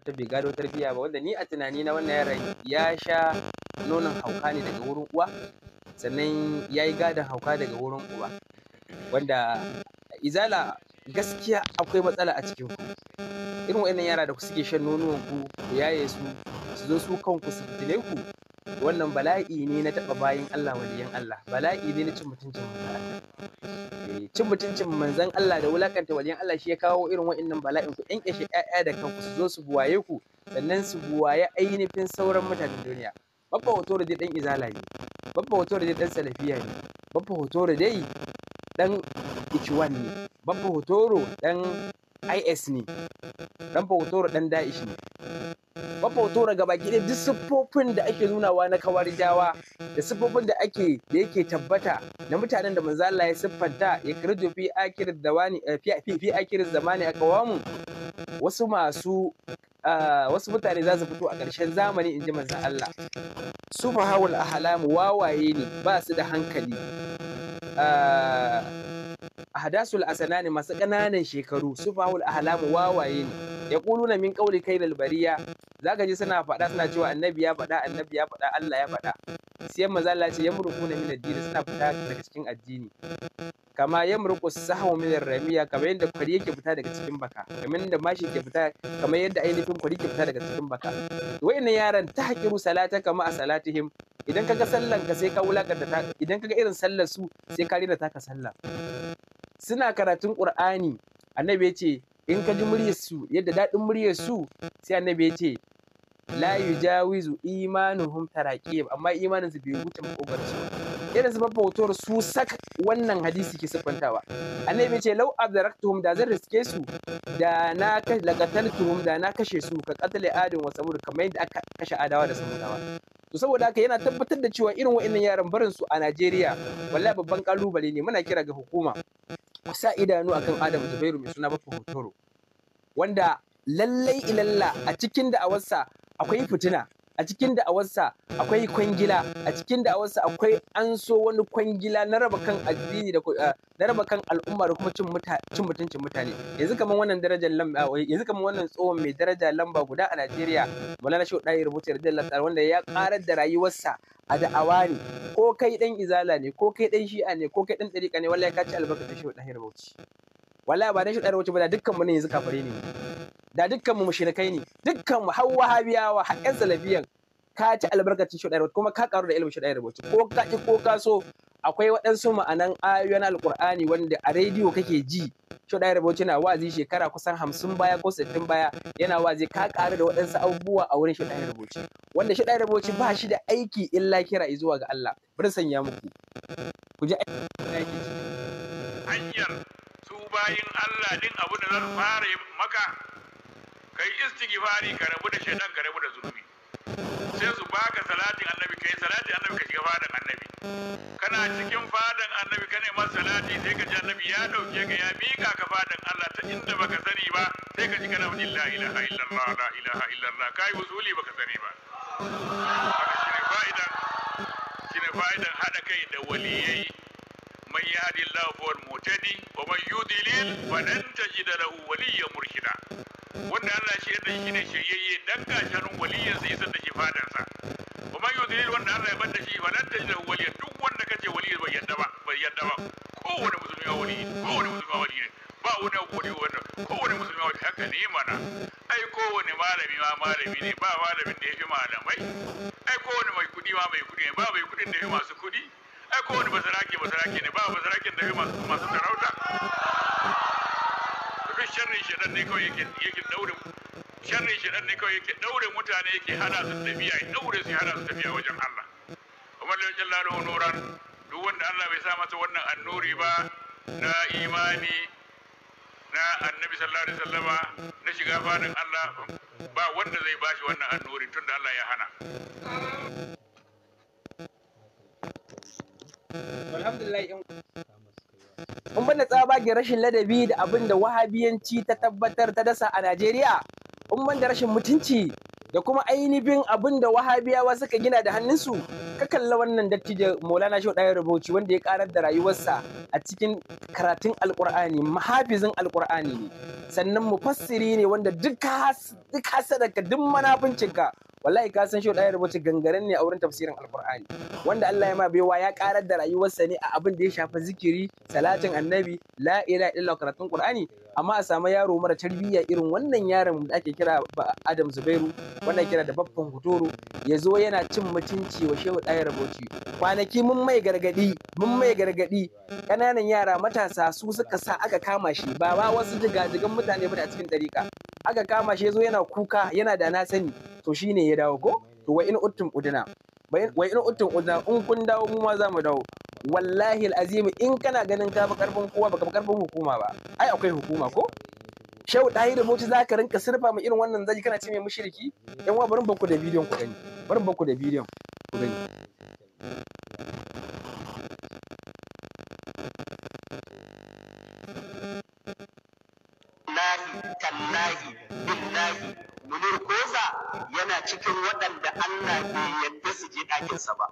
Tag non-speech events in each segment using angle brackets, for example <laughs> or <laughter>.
tabbatar bai gado tarbiyya ba wanda ni a tunani na wannan yaron ya sha nonon hauka ne daga wurin uwa sannan ya yi gadon hauka daga wurin uwa wanda izala gaskiya akwai matsala a cikin ku irin wa'annan yara da ku suke shan nonuwan ku ku yaye su su zo su kanku su fitile ku wannan bala'i ne na taɓa bayan Allah waliyan Allah bala'i ne na cin mutuncin manzan Allah eh, cin mutuncin manzan Allah da wulakanta waliyan Allah shi ya kawo irin wa'annan bala'in ku yanke shi ƴaƴa da kanku su zo su buwaye ku sannan su buwaye ainihin sauran mutanen duniya babba hoto da dai ɗan izala ne babba hoto da dai ɗan salafiya ne babba hoto da dai ɗan ikiwan ne babba da ɗan is ne hoto da ɗan da'ish ne daga baki ɗaya duk siffofin da ake nunawa na kawarijawa da siffofin da ake da yake tabbata na mutanen da manzo Allah ya siffanta ya kirdo fi akir dawani eh, fi akir zamani akawamu wasu masu ah, wasu mutane za su fito a ƙarshen zamani in ji manzo Allah su fahawul ahlam wawaye ne ba su da hankali ah, ahdasul asanani masu ƙananan shekaru su fahawul ahlam wawaye ne yaquluna min qawli kaylal bariya za ka ji suna faɗa suna cewa annabi ya faɗa annabi ya faɗa Allah ya faɗa sai maza Allah ce yamruku na min addini suna fita daga cikin addini kama yamruku sahu min ramiya kamar yadda kwari yake fita daga cikin baka kamar yadda mashi ke fita kamar yadda ainihin kwari ke fita daga cikin baka wayannan yaran ta hakiru salata kama a salatihim idan kaga sallan ka sai ka wulakanta ta idan kaga irin sallar su sai ka rina taka sallah suna karatun qur'ani annabi ya ce in ka ji su yadda daɗin su sai annabi ya ce la yujawizu imanuhum taraqib amma imaninsu bai wuce makogarsu irin su babba su sak wannan hadisi ke siffantawa annabi ya ce lau abdaraktuhum da zan riske su da na lagataltuhum da na kashe su ka katale adin wa samud kamar yadda aka kashe adawa da samudawa to saboda haka yana tabbatar da cewa irin wa'annan yaran barin su a Najeriya wallahi babban kalubale ne muna kira ga hukuma sa idanu akan Adam Zubairu mai suna Baffa Hotoro wanda lallai ilalla a cikin da'awarsa akwai fitina a cikin da'awarsa akwai kwangila a cikin da'awarsa akwai an so wani kwangila na raba kan addini da eh, na raba kan al'umma da kuma cin mutuncin mutane yanzu kamar wannan darajar lamba eh, yanzu kamar wannan tsohon mai daraja lamba guda a Najeriya Maulana Shehu Dahir Rubutu Radiyallahu wanda ya karar da rayuwarsa a da'awa ne ko kai dan izala ne ko kai dan shi'a ne ko kai dan dariƙa ne wallahi ka ci da Shehu Dahir Rubutu wallahi ba dan shi rubuce ba da dukkan mu ne yanzu kafare ne da dukkan mu mushrikai ne dukkan mu hawa habiyawa har yan salafiyan ka ci albarkacin shi rubuce kuma ka karu da ilimin shi ɗarwaci ko ka ki ko ka so akwai waɗansu ma'anan ayoyin Alƙur'ani wanda a rediyo kake ji shi ɗaya rubuce na wazi shekara kusan hamsin baya ko sittin baya yana wazi ka karu da waɗansu abubuwa a wurin shi ɗaya rubuce wanda shi ɗaya rubuce ba shi da aiki illa kira zuwa ga Allah bari sanya muku ku ji aiki hanyar bayin Allah din abu da zan fara maka kai istighfari ka rabu da shaidan ka rabu da zunubi sai su baka salatin annabi kai salatin annabi ka shiga fadan annabi kana cikin fadan annabi kana neman salati sai ka ji annabi ya dauke ka ya mika ka fadan Allah ta inda baka sani ba sai ka ji kana wani la ilaha illallah la ilaha illallah kai wuzuli baka sani ba haka shine fa'idan shine fa'idan hada kai da waliyai من يهد الله فهو المهتدي ومن يضلل فلن تجد له وليا مرشدا wanda Allah shi yadda shi ne shiryayye dan gasharin waliyan sai san da shi fadan sa kuma yudilil wanda Allah ya bada shi falan ta da waliya duk wanda kace waliyi bai yadda ba bai yadda ba kowane musulmi ya waliyi kowane musulmi ya ba wani waliyi wanda kowane musulmi ya waliyi haka ne mana ai kowane malami ma malami ne ba malamin da ya fi malamai ai kowane mai kudi ma mai kudi ne ba mai kudin da ya fi masu kudi ai kowane basarake basarake ne ba basaraken da masu sarauta duk sharrin shaɗan ne kawai yake daure sharrin shaɗan ne kawai yake daure mutane yake hana su tafiya ya daure su hana su tafiya wajen Allah kuma lai jalla lahu nuran duk wanda Allah bai sa masa wannan annuri ba na imani na annabi sallallahu alaihi wasallama na shiga fadin Allah ba wanda zai bashi wannan annuri tunda Allah ya hana alhamdulillah bada kun banda tsabagen rashin ladabi da abin da wahabiyanci ta tabbatar ta dasa a Najeriya kun bada rashin mutunci da kuma ainihin abin da wahabiyawa suka gina da hannunsu ka kalla wannan dattijo maulana shehu ɗaya rubuci wanda ya karar da rayuwarsa a cikin karatun alkur'ani mahafizin alkur'ani ne sannan mufassiri ne wanda duk daga duk manafincinka wallahi ka san shehu ɗaya rubuci gangaren ne a wurin tafsirin alkur'ani wanda Allah ya ma baiwa ya karar da rayuwarsa ne a abin da ya shafi zikiri salatin annabi la ilaha illallah karatun qur'ani amma a samu yaro mara tarbiyya irin wannan yaron da ake kira Adam Zubairu wannan kira da babban hutoro ya zo yana cin mutunci wa Shehu Dayar Bauchi kwanaki mun mai gargadi mun mai gargadi ƙananan yara matasa su suka sa aka kama shi ba ba wasu jigajigan mutane ba a cikin dariƙa aka kama shi ya zo yana kuka yana da na sani to shine ya dawo ko to wa in uttum udina wa in uttum udina in kun dawo mu ma za mu dawo wallahi al'azim in kana ganin ka bi karfin kowa baka bi karfin hukuma ba ai akwai hukuma ko shau dai da mutu zaka rinka surfa mu irin wannan zaki kana ce mai mushriki yan wa barin baku da bidiyon ku gani barin baku da bidiyon ku gani yana cikin waɗanda Allah ne yadda su je ɗakinsa ba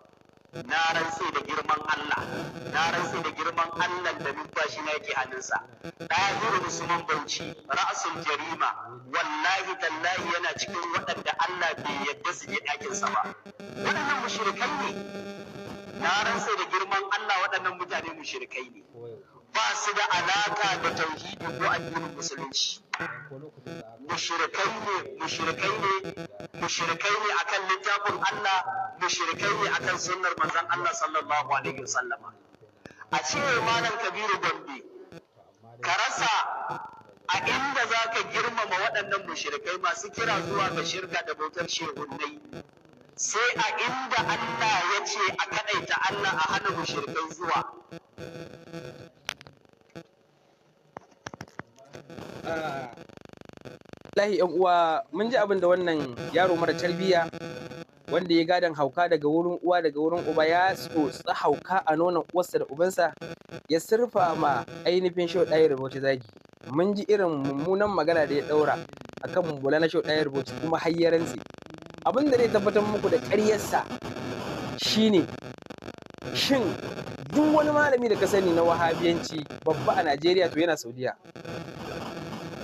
na rantse da girman Allah na rantse da girman Allah da numfashi na yake hannunsa ɗahiru musulman bauchi ra'asul jarima wallahi tallahi yana cikin waɗanda Allah bai yadda su je ɗakinsa ba waɗannan mushrikai ne na rantse da girman Allah waɗannan mutane mushrikai ne ba su da alaka da tauhidi ko addinin musulunci Mushirikai ne mushrikai ne mushrikai ne akan littafin Allah Mushirikai ne akan sunnar manzon Allah sallallahu alaihi a cewa malam Kabiru Gombe ka rasa a inda za ka girmama waɗannan mushirikai masu kira zuwa ga shirka da bautar shehunnai sai a inda Allah ya ce a kaɗaita Allah a hana mushirikai zuwa ah, Wallahi yan uwa mun ji abin da wannan yaro mara tarbiyya wanda ya gadan hauka daga wurin uwa daga wurin uba ya tsotsi hauka a nonon uwarsa da ubansa ya surfa ma ainihin shau ɗaya rubuce zagi mun ji irin mummunan magana da ya ɗaura akan mumbula na shau ɗaya rubuce kuma hayyaransa abin da zai tabbatar muku da ƙaryarsa shine shin duk wani malami da ka sani na wahabiyanci babba a Najeriya to yana Saudiya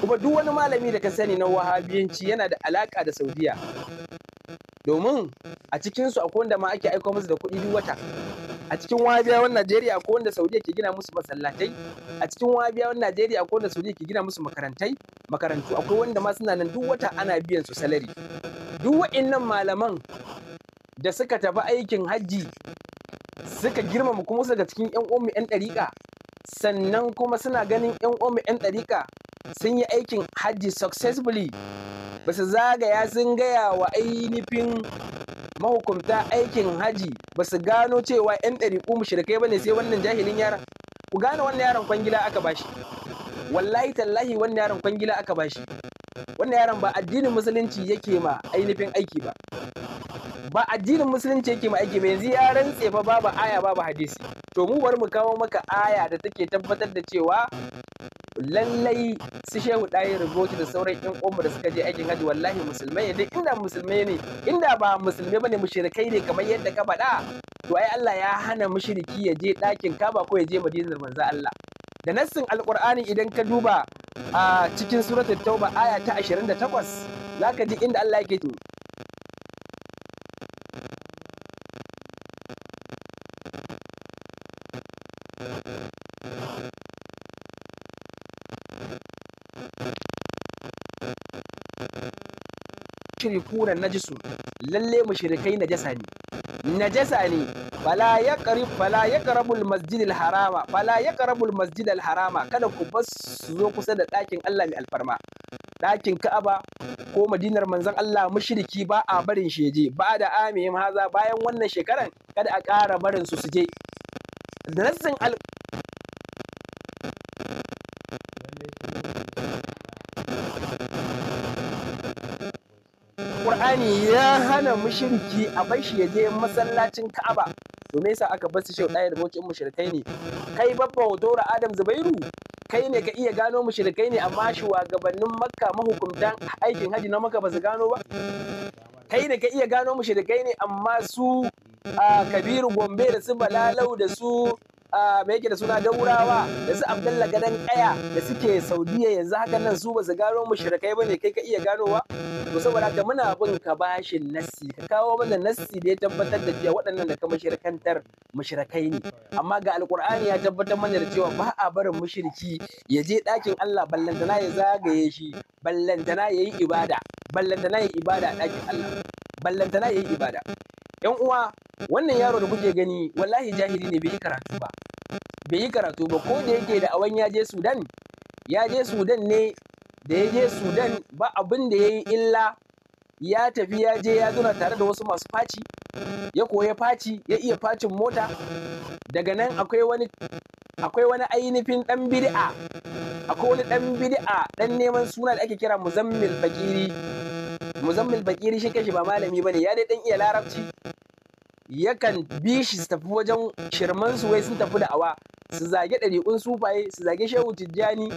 kuma duk wani malami da ka sani na wahabiyanci yana da alaka da saudiya domin a cikinsu akwai wanda ma ake aiko musu da kuɗi duk wata a cikin wahabiyawan najeriya akwai wanda saudiya ke gina musu masallatai a cikin wahabiyawan najeriya akwai wanda saudiya ke gina musu makarantai makarantu akwai wanda ma suna nan duk wata ana biyan su salari duk wa'innan malaman da suka tafi aikin hajji suka girmama kuma daga cikin yan uwanmu yan ɗariƙa sannan kuma suna ganin yan uwanmu yan ɗariƙa sun yi aikin hajji successfully ba su zagaya sun gaya wa ainihin mahukunta aikin hajji ba su gano cewa 'yan ɗariƙu mushrikai ba ne sai wannan jahilin yaran ku gane wannan yaron kwangila aka bashi wallahi tallahi wannan yaron kwangila aka bashi wannan yaron ba addinin musulunci yake ma ainihin aiki ba ba addinin musulunci yake mu aiki ba yanzu ya rantse babu aya babu hadisi to mu bari mu kawo maka aya da take tabbatar da cewa lallai su shehu ɗayi rigoti da sauran yan umma da suka je aikin haji wallahi musulmai duk inda musulmai ne inda ba musulmai bane mushrikai ne kamar yadda ka faɗa to ai Allah ya hana mushriki ya je ɗakin kaba ko ya je madinar manzo Allah da nassin alqur'ani idan ka duba a cikin suratul tauba aya ta 28 zaka ji inda Allah yake mushrikuna najisu lalle mushrikai najasa ne najasa ne fala karib fala yaqrabul masjidil harama fala yaqrabul masjidil harama kada ku bas su zo kusa da ɗakin Allah mai alfarma ɗakin Ka'aba ko Madinar manzon Allah mushriki ba a barin sheje ba da amihim haza bayan wannan shekaran kada a ƙara barin su su je nassin Qur'ani ya hana mushriki a bar ya je masallacin Ka'aba to me yasa aka bar su shau ɗaya da bokin mushrikai ne kai babban hotora Adam Zubairu kai ne ka iya gano mushrikai ne amma shugabannin Makka mahukuntan aikin haji na Makka ba su gano ba kai ne ka iya gano mushrikai ne amma su a Kabiru Gombe da su Balalau da su mai yake da suna daurawa da su abdalla gadan kaya da suke saudiya yanzu haka nan su ba su gano shirkai bane kai ka iya ganowa to saboda haka muna bin ka bashi nassi ka kawo mana nassi da ya tabbatar da cewa waɗannan da ka mushrikantar mushrikai ne amma ga alkur'ani ya tabbatar mana da cewa ba a barin mushriki ya je ɗakin Allah ballantana ya zagaye shi ballantana ya ibada ballantana ya ibada ɗakin Allah ballantana ya ibada yan uwa wannan yaro da kuke gani wallahi jahili ne bai yi karatu ba bai yi karatu ba ko da yake da awan ya je sudan ya je sudan ne da ya je sudan ba abin da ya yi illa ya tafi ya je ya zuna tare da wasu masu faci ya koya faci ya iya facin mota daga nan akwai wani akwai ainihin dan bid'a akwai wani dan bid'a dan neman suna da ake kira muzammil bakiri muzammil bakiri shi kashi ba malami bane ya dai dan iya larabci yakan bi shi su tafi wajen shirman su wai sun tafi da awa su zage ɗari'un sufaye su zage shehu tijjani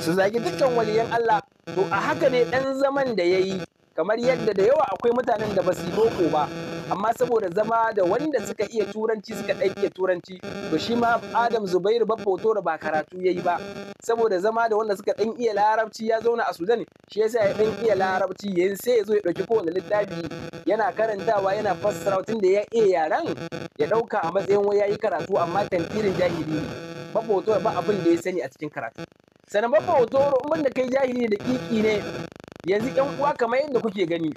su zage dukkan waliyan Allah to a haka ne ɗan zaman da yayi kamar yadda da yawa akwai mutanen da basu su yi boko ba amma saboda zama da wanda suka iya turanci suka ɗan turanci to shi ma adam zubairu babba da ba karatu yayi ba saboda zama da wanda suka ɗan iya larabci ya zauna a sudan shi yasa ya ɗan iya larabci yayin sai ya zo ya ɗauki kowane littafi yana karantawa yana fassara tun da ya iya yaran ya ɗauka a matsayin wai yayi karatu amma tantirin jahili ne babba hoto ba abin da ya sani a cikin karatu sannan babba hoto in da kai jahili da kiki ne yanzu yan uwa kamar yadda kuke gani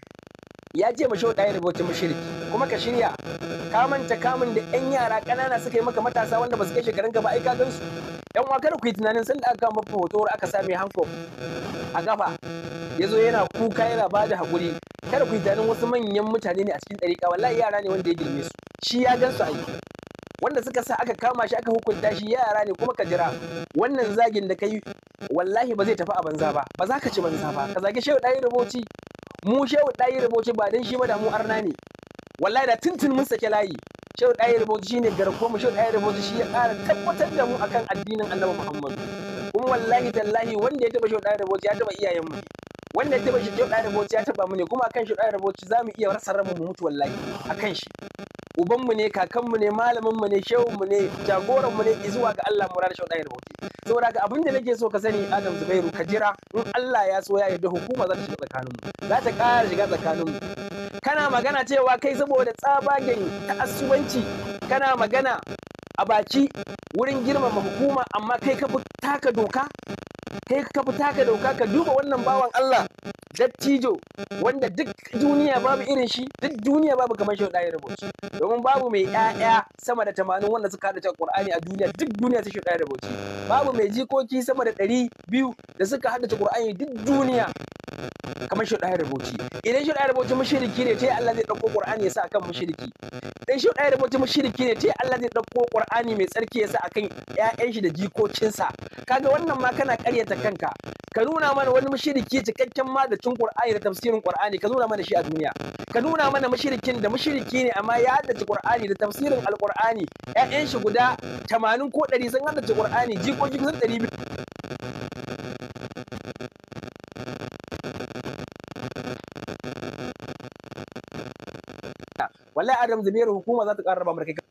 ya ce mashi ɗaya rubuta mashirki kuma ka shirya ka manta kamun da yan yara ƙanana suka yi maka matasa wanda ba su kai shekarun gaba. ba ai ka gan su yan wakar ku yi tunanin sanda da aka mafi hoto aka same hanko a gafa ya zo yana kuka yana ba da haƙuri kada ku yi tunanin wasu manyan mutane ne a cikin ɗariƙa wallahi yara ne wanda ya girme su shi ya gan su a wanda suka sa aka kama shi aka hukunta shi yara ne kuma ka jira wannan zagin da kai wallahi ba zai tafi a banza ba ba za ka ci banza ba ka zagi shehu ɗaya rubuci mu shehu yi rubuce ba dan shi ba da mu arna ne wallahi da tuntun mun sake layi shehu yi rubuce shine garko mu shehu yi rubuce shi ya ƙara tabbatar da mu akan addinin annabi muhammadu kuma wallahi tallahi wanda ya taɓa shehu yi rubuce ya taɓa iyayen mu wanda ya taɓa shehu yi rubuce ya taɓa mu ne kuma akan shehu da yi za mu iya rasa ranmu mu mutu wallahi akan shi ubanmu ne kakanmu ne malaminmu ne shehunmu ne jagoranmu ne zuwa ga Allah murar shau ɗaya rahoto saboda ka abin da nake so ka sani Adam Zubairu ka jira in Allah ya so ya yarda hukuma za ta shiga tsakaninmu za ta ƙara shiga tsakaninmu kana magana cewa kai saboda tsabagen ta'assubanci kana magana a baki wurin girmama hukuma amma kai ka taka doka kai ka fita ka dauka ka duba wannan bawan Allah dattijo wanda duk duniya babu irin shi duk duniya babu kamar shi da rubuci domin babu mai ƴaƴa sama da 80 wanda suka hada Qur'ani a duniya duk duniya ta shi da rubuci babu mai jikoki sama da 200 da suka hada Qur'ani duk duniya kamar shi da rubuci idan shi da rubuci mushriki ne tai Allah zai dauko Qur'ani ya sa akan mushriki dan shi da rubuci mushriki ne tai Allah zai dauko Qur'ani mai tsarki ya sa akan ƴaƴan shi da jikokinsa kaga wannan ma kana ƙarya ta kanka ka nuna mana wani mashiriki cikakken cin qur'ani da tafsirin qur'ani ka nuna mana shi a duniya ka nuna mana mashirikin da mashiriki ne amma ya haddace qur'ani da tafsirin alqur'ani ƴaƴan shi guda 80 ko 100 sun haddace qur'ani jikoki sun 200 wallahi adam zubairu hukuma za ta ƙara raba kai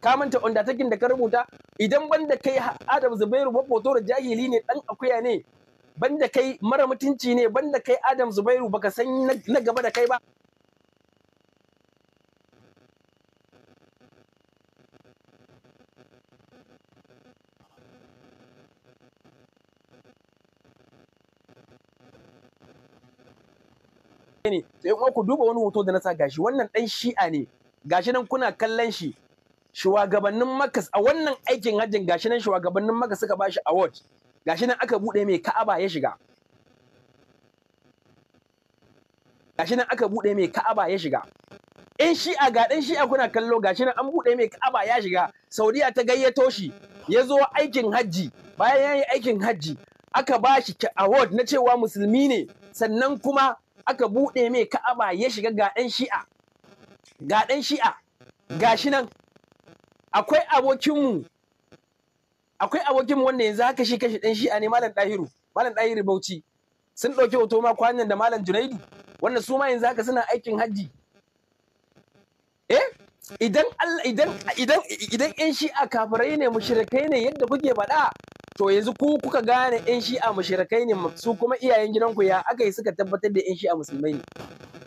ka manta undertaking da ka rubuta idan banda kai Adam Zubairu Bafoto da jahili ne dan akuya ne banda kai mara mutunci ne banda kai Adam Zubairu baka san na gaba da kai ba ne sai kuma ku duba wani hoto da na sa gashi wannan dan shi'a ne gashi nan kuna kallon shi shugabannin makas a wannan aikin hajjin gashi nan shugabannin makas suka bashi award gashi nan aka bude mai ka'aba ya shiga gashi nan aka bude mai ka'aba ya shiga in shi'a ga dan shi'a kuna kallo gashi nan an bude mai ka'aba ya shiga saudiya ta gayyato shi ya zo aikin hajji bayan ya yi aikin hajji aka ba shi award na cewa musulmi ne sannan kuma aka bude mai ka'aba ya shiga ga dan shi'a ga dan shi'a gashi nan akwai abokinmu akwai abokinmu wanda yanzu haka shi kashi dan shi'a ne malam dahiru malam dahiru bauchi sun ɗauki hoto ma kwanan da malam junaidu wanda su ma yanzu haka suna aikin hajji eh idan idan idan idan yan kafirai ne mushrikai ne yadda kuke faɗa to yanzu ku kuka gane yan shi a mushrikai ne su kuma iyayen gidanku ya aka yi suka tabbatar da yan shi a musulmai ne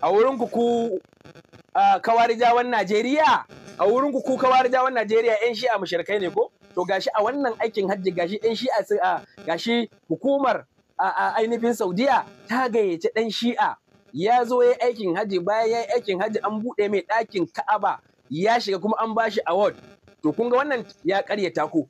a wurinku, ku kawarijawan Najeriya a wurin ku kawarijawan Najeriya yan shi'a mushrikai ne ko to gashi a wannan aikin hajji gashi yan shi'a gashi hukumar a ainihin Saudiya ta gayyaci dan shi'a ya zo ya aikin hajji bayan ya aikin hajji an buɗe mai ɗakin Ka'aba ya shiga kuma an bashi award to kun ga wannan ya ta ko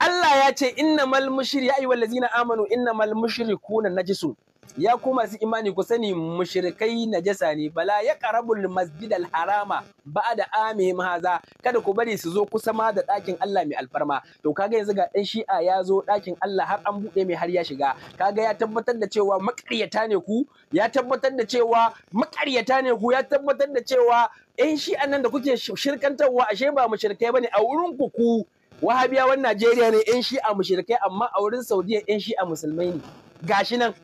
Allah ya ce innamal mushri ya ayyuhal ladina amanu innamal mushrikuna najisun ya ku masu imani ku sani mushrikai najasa ne bala ya masjid masjidal harama da amihim haza kada ku bari su zo kusa ma da ɗakin Allah mai alfarma to kaga yanzu ga dan shi'a ya zo ɗakin Allah har an buɗe mai har ya shiga kaga ya tabbatar da cewa makaryata ne ku ya tabbatar da cewa makaryata ne ku ya tabbatar da cewa yan shi'an nan da kuke shirkantarwa ashe ba mushrikai bane a wurin ku ku wahabiyawan Najeriya ne yan shi'a mushrikai amma a wurin Saudiya yan shi'a musulmai ne gashi nan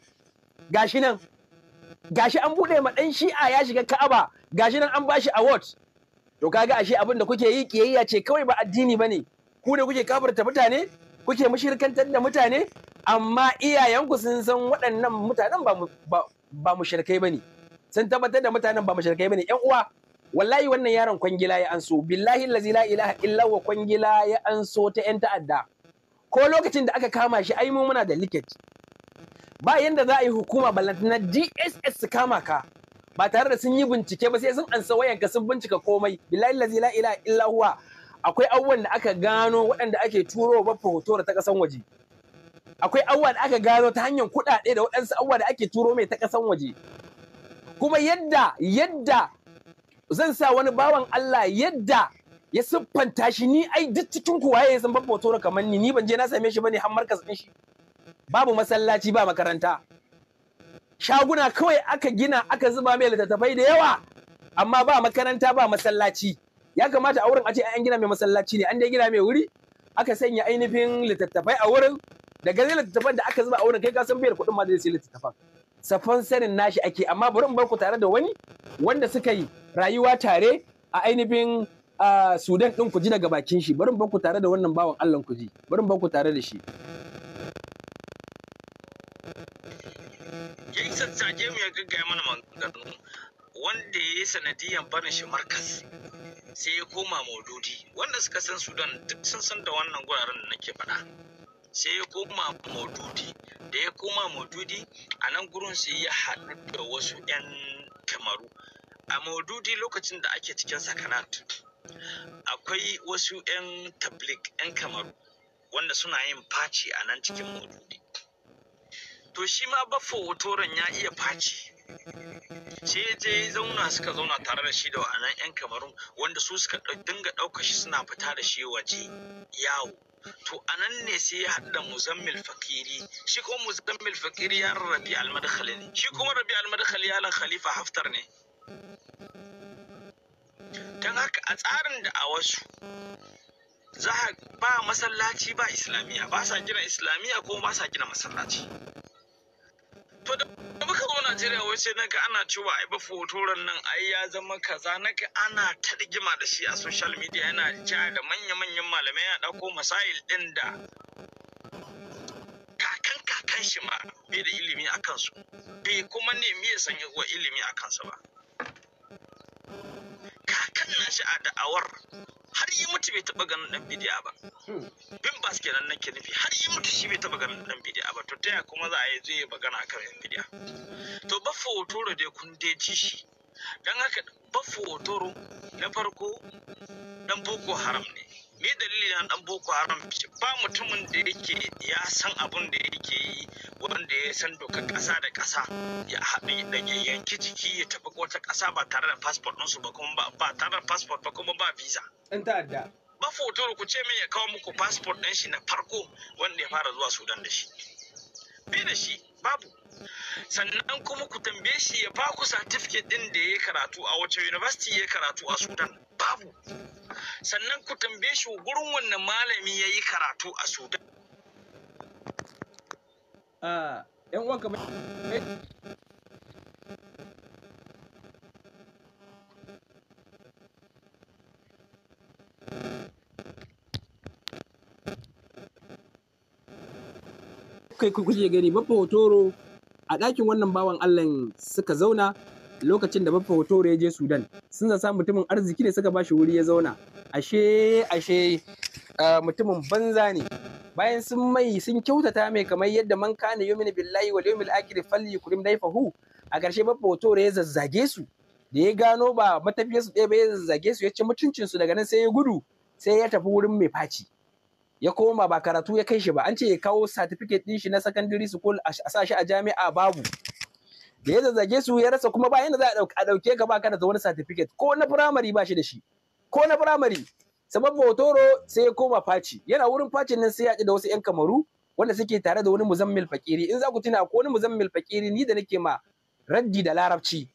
gashi nan gashi an bude ma dan shi'a ya shiga ka'aba gashi nan an bashi award to kaga ashe abin da kuke yi kiyayya ce kawai ba addini bane ku da kuke kafirta mutane kuke mushirkantar da mutane amma iyayenku sun san waɗannan mutanen ba ba mushirkai bane sun tabbatar da mutanen ba mushirkai bane ƴan uwa wallahi wannan yaron kwangila ya anso billahi allazi la ilaha illa wa kwangila ya anso ta 'yan ta'adda ko lokacin da aka kama shi ai mu muna da liket ba yadda za a yi hukuma na DSS su kama ka ba tare da sun yi bincike ba sai sun ansa wayanka sun bincika komai billahi lazi la ilaha illa akwai abubuwan da aka gano waɗanda ake turo ba hoto ta ƙasan waje akwai abubuwa da aka gano ta hanyar kuɗaɗe da waɗansu abubuwa da ake turo mai ta ƙasan waje kuma yadda yadda zan sa wani bawan Allah yadda ya siffanta shi ni ai duk cikin kuwaye sun san babba hoto kamar ni ni ban je na same shi bane har markas ɗin shi babu masallaci ba makaranta shaguna kawai aka gina aka zuba mai littattafai da yawa amma ba makaranta ba masallaci ya kamata a wurin a ce an gina mai masallaci ne an dai gina mai wuri aka sanya ainihin littattafai a wurin da zai littattafan da aka zuba a wurin kai ka san biyar kuɗin ma da sai littattafan safan sanin nashi ake amma bari in barku tare da wani wanda suka yi rayuwa tare a ainihin ah, Sudan ɗin ku ji daga bakin shi bari in ku tare da wannan bawan Allah ku ji bari in tare da shi sassake mu ya gaggaya mana maganganu wanda ya yi sanadiyar barin shi markas sai ya koma maududi wanda suka san sudan duk sun san da wannan guraren da nake faɗa sai ya koma maududi da ya koma maududi a nan gurin sai ya haɗu da wasu 'yan kamaru a maududi lokacin da ake cikin sakanat akwai wasu 'yan tablik 'yan kamaru wanda suna yin faci a nan cikin maududi to shi ma baffo otoran ya iya faci sai ya je zauna suka zauna tare da shi da wa'anan 'yan kamarun wanda su suka dinga ɗauka shi suna fita da shi waje yawo to anan ne sai ya haɗu da muzammil fakiri shi kuma muzammil fakiri ya rabi almadkhali ne shi kuma rabi almadkhali lan khalifa haftar ne don haka a tsarin da a wasu za ba masallaci ba islamiyya ba sa gina islamiyya ko ba sa gina masallaci to da muka zo Najeriya wai sai naga ana cewa ai ba fotoran nan ai ya zama kaza Naka ana ta da shi a social media yana ja da manya-manyan malamai ya dauko masail din da kakan kakan shi ma bai da ilimi a kansu bai kuma nemi ya sanya wa ilimi a kansa ba kakan nashi a da'awar har yi mutu bai taba ganin dan bidiya ba hmm. bin bas kenan nake nufi har yi mutu shi bai taba ganin dan bidiya ba to ta ya kuma za a yi zai magana akan yan bidiya to ba fotoro dai kun dai ji shi dan haka ba fotoro na farko dan boko haram ne me dalili na dan boko haram ba mutumin da yake ya san abun da yake yi wanda ya san dokar kasa da kasa ya haɗu da ya yanki jiki ya tafi wata kasa ba tare da passport ɗinsu ba kuma ba tare da passport ba kuma ba visa in ta'adda ba foto ku ce min ya kawo muku passport ɗin shi na farko wanda ya fara zuwa sudan da shi bi da shi babu sannan kuma ku tambaye shi ya baku ku certificate ɗin da ya karatu a wace university ya karatu a sudan babu sannan ku tambaye shi gurin wannan malami ya yi karatu a sudan ah, yan uwan kamar kai kuke gani ba hotoro a ɗakin wannan bawan Allah suka zauna lokacin da Baffa hoto ya je Sudan sun zasa mutumin arziki ne suka bashi wuri ya zauna ashe ashe mutumin banza ne bayan sun mai sun kyautata mai kamar yadda man kana yumin billahi wal yawmil akhir dai fahu a ƙarshe Baffa hoto ya zazzage su da ya gano ba matafiyar su ɗaya ya zazzage su ya ci mutuncin su daga nan sai ya gudu sai ya tafi wurin mai faci ya koma ba karatu ya kai shi ba an ce ya kawo satifiket ɗin shi na sakandare school a sa shi a jami'a babu da ya zazzage su ya rasa kuma ba yanda za a ɗauke ka baka da wani certificate ko na primary ba shi da shi ko na primary sabab Otoro sai ya koma faci yana wurin facin nan sai ya da wasu yan kamaru wanda suke tare da wani muzammil fakiri in za ku tuna ko wani muzammil fakiri ni da nake ma raddi da larabci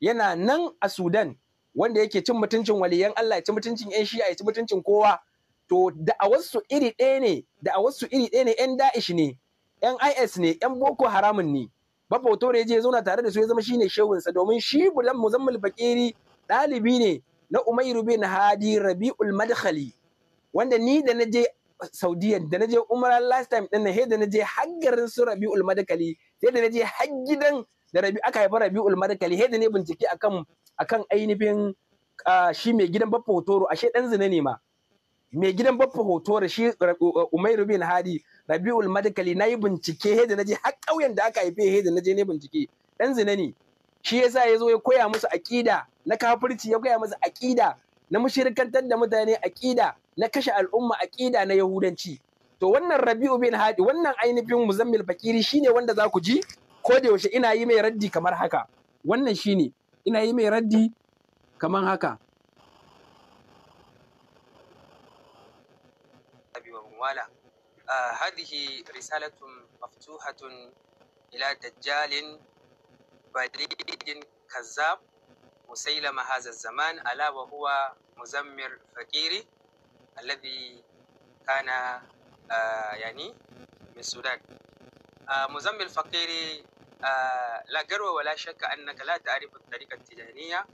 yana nan a Sudan wanda yake cin mutuncin waliyan Allah ya ci mutuncin yan shi'a ya ci mutuncin kowa to wasu iri ɗaya ne wasu iri ɗaya ne yan da'ish ne yan IS ne yan boko haramun ne Baffa ya je zauna tare da su ya zama shine shehunsa domin shi Bulan Muzammil Bakiri ɗalibi ne na Umairu bin Hadi Rabi'ul Madkhali wanda ni da na je Saudiya da na je Umra last time din nan da na je haggarin su Rabi'ul Madkhali sai da na je har da Rabi aka haifa Rabi'ul Madkhali sai da ne bincike akan akan ainihin shi mai gidan Baffa Otoro ashe dan zina ne ma mai gidan Baffa Otoro shi Umairu bin Hadi rabi'ul na yi bincike da je har ƙauyen da aka haife da na ne bincike Ɗan zina ne shi yasa ya zo ya koya musu aƙida na kafirci ya koya musu aƙida na mushirkantar da mutane aƙida na kashe al'umma aƙida na yahudanci to wannan rabi'u bin hadi wannan ainihin muzammil fakiri shine wanda za ku ji ko da yaushe ina yi mai raddi kamar haka wannan shine ina yi mai raddi kamar haka wala هذه رسالة مفتوحة إلى دجال بريد كذاب مسيلم هذا الزمان ألا وهو مزمر فقيري الذي كان آه، يعني من السودان آه، مزمر فقيري آه، لا جرو ولا شك أنك لا تعرف الطريقة التجارية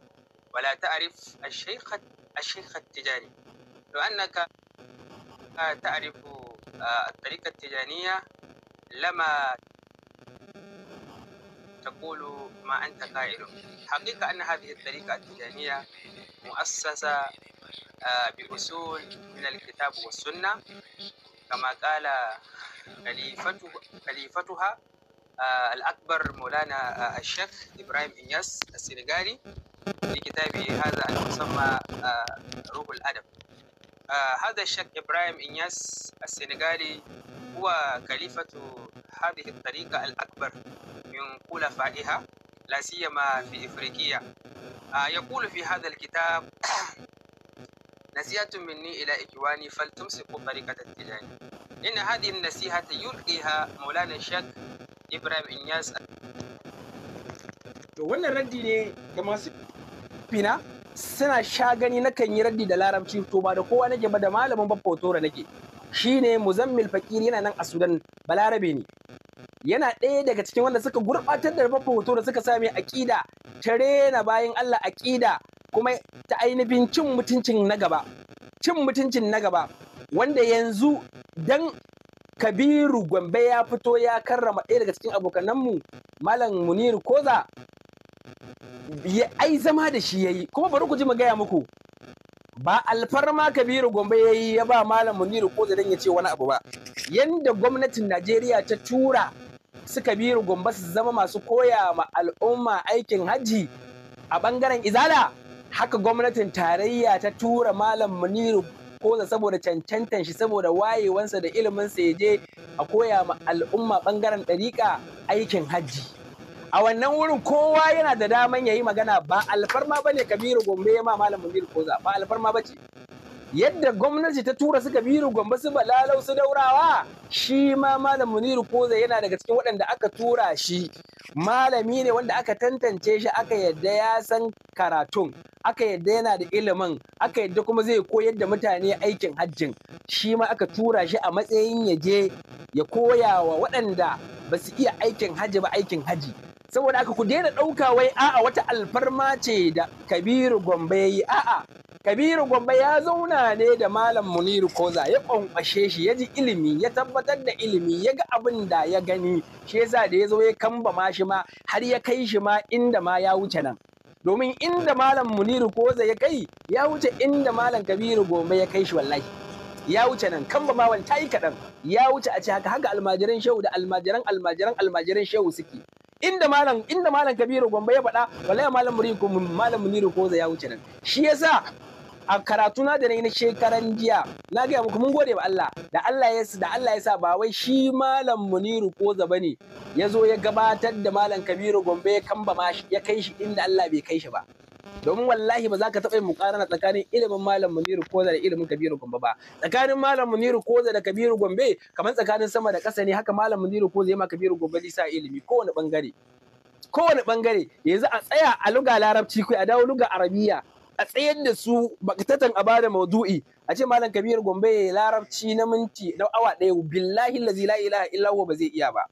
ولا تعرف الشيخ الشيخ التجاري لو أنك تعرف الطريقة التجانية لما تقول ما أنت قائله حقيقة أن هذه الطريقة التجانية مؤسسة آه، بأصول من الكتاب والسنة كما قال خليفته خليفتها آه، الأكبر مولانا آه، الشيخ إبراهيم إنياس السنغالي في كتابه هذا المسمى روح الأدب هذا الشيخ إبراهيم إنياس السنغالي هو خليفة هذه الطريقة الأكبر من خلفائها لا سيما في إفريقيا يقول في هذا الكتاب نصيحة مني إلى إخواني فلتمسكوا طريقة التجارة إن هذه النصيحة يلقيها مولانا الشيخ إبراهيم إنياس to wannan raddi ne ga masu fina suna sha gani na kan yi raddi da larabci to ba da kowa na ba da malamin babba nake shi shine muzammil fakiri yana nan a sudan balarabe ne yana ɗaya daga cikin wanda suka gurɓatar da babba da suka sami aƙida ta rena bayan allah aƙida kuma ta ainihin cin mutuncin na gaba cin mutuncin na gaba wanda yanzu dan kabiru gombe ya fito ya karrama ɗaya daga cikin abokanan mu, malam muniru koza ya ai zama da shi yayi kuma bari ku ji mu gaya muku ba alfarma kabiru gombe ya yi ya ba malam muniru ko dan ya ce wani abu ba yanda gwamnatin najeriya ta tura su kabiru gombe su zama masu koya ma al'umma aikin hajji a bangaren izala haka gwamnatin tarayya ta tura malam muniru koza saboda cancantan shi saboda wayewansa da ilimin sa ya je a koya ma al'umma bangaren ɗariƙa aikin hajji a wannan wurin kowa yana da daman yayi magana ba alfarma bane kabiru gombe ya ma malam munir koza ba alfarma bace yadda gwamnati ta tura su kabiru gombe su balalau su daurawa shi ma malam munir koza yana daga cikin waɗanda aka tura shi malami ne wanda aka tantance shi aka yadda ya san karatun aka yadda yana da ilimin aka yadda kuma zai koyar da mutane aikin hajjin shi ma aka tura shi a matsayin ya je ya koya wa waɗanda ba su iya aikin hajji ba aikin hajji saboda aka ku daina ɗauka wai a'a wata alfarma ce da kabiru gombe ya yi a'a kabiru gombe ya zauna ne da malam muniru koza ya ƙwanƙwashe shi ya ji ilimi ya tabbatar da ilimi ya ga abin da ya gani shi yasa da ya zo ya kamba ma shi ma har ya kai shi ma inda ma ya wuce nan domin inda malam muniru koza ya kai ya wuce inda malam kabiru gombe ya kai shi wallahi ya wuce nan kan ba mawan tayi kaɗan ya wuce a ce haka haka almajiran shehu da almajiran almajiran almajiran shehu suke inda malam inda malam kabiru gombe ya faɗa wallahi malam muri ko malam muniru ko ya wuce nan shi yasa a karatu na da nayi na shekaran jiya na ga muku mun gode wa Allah da Allah ya da Allah ya sa ba wai shi malam muniru ko bane ya zo ya gabatar da malam kabiru gombe ya kamba ma ya kai shi inda Allah bai kai shi ba domin wallahi ba za ka taɓa yin mukarana tsakanin ilimin malam muniru koza da ilimin kabiru gombe ba tsakanin malam muniru koza da kabiru gombe kamar tsakanin sama da ƙasa ne haka malam muniru koza ma kabiru gombe lisa ilimi kowane bangare kowane bangare yanzu a tsaya a luga larabci kai a dawo luga arabiya a tsayar da su bakatatan a bada maudu'i a ce malam kabiru gombe ya larabci na minti na awa ɗaya billahi lazi la ilaha ba zai iya ba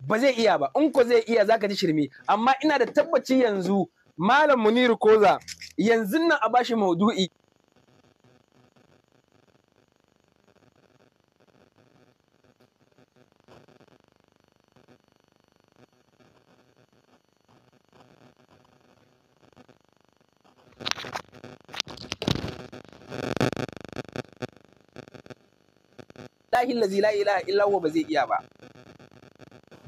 ba zai iya ba in ko zai iya zaka ji shirme amma ina da tabbaci yanzu Malam Muniru Koza yanzu nan a bashi maudu'i lahi lazi la ilaha illa huwa ba zai iya ba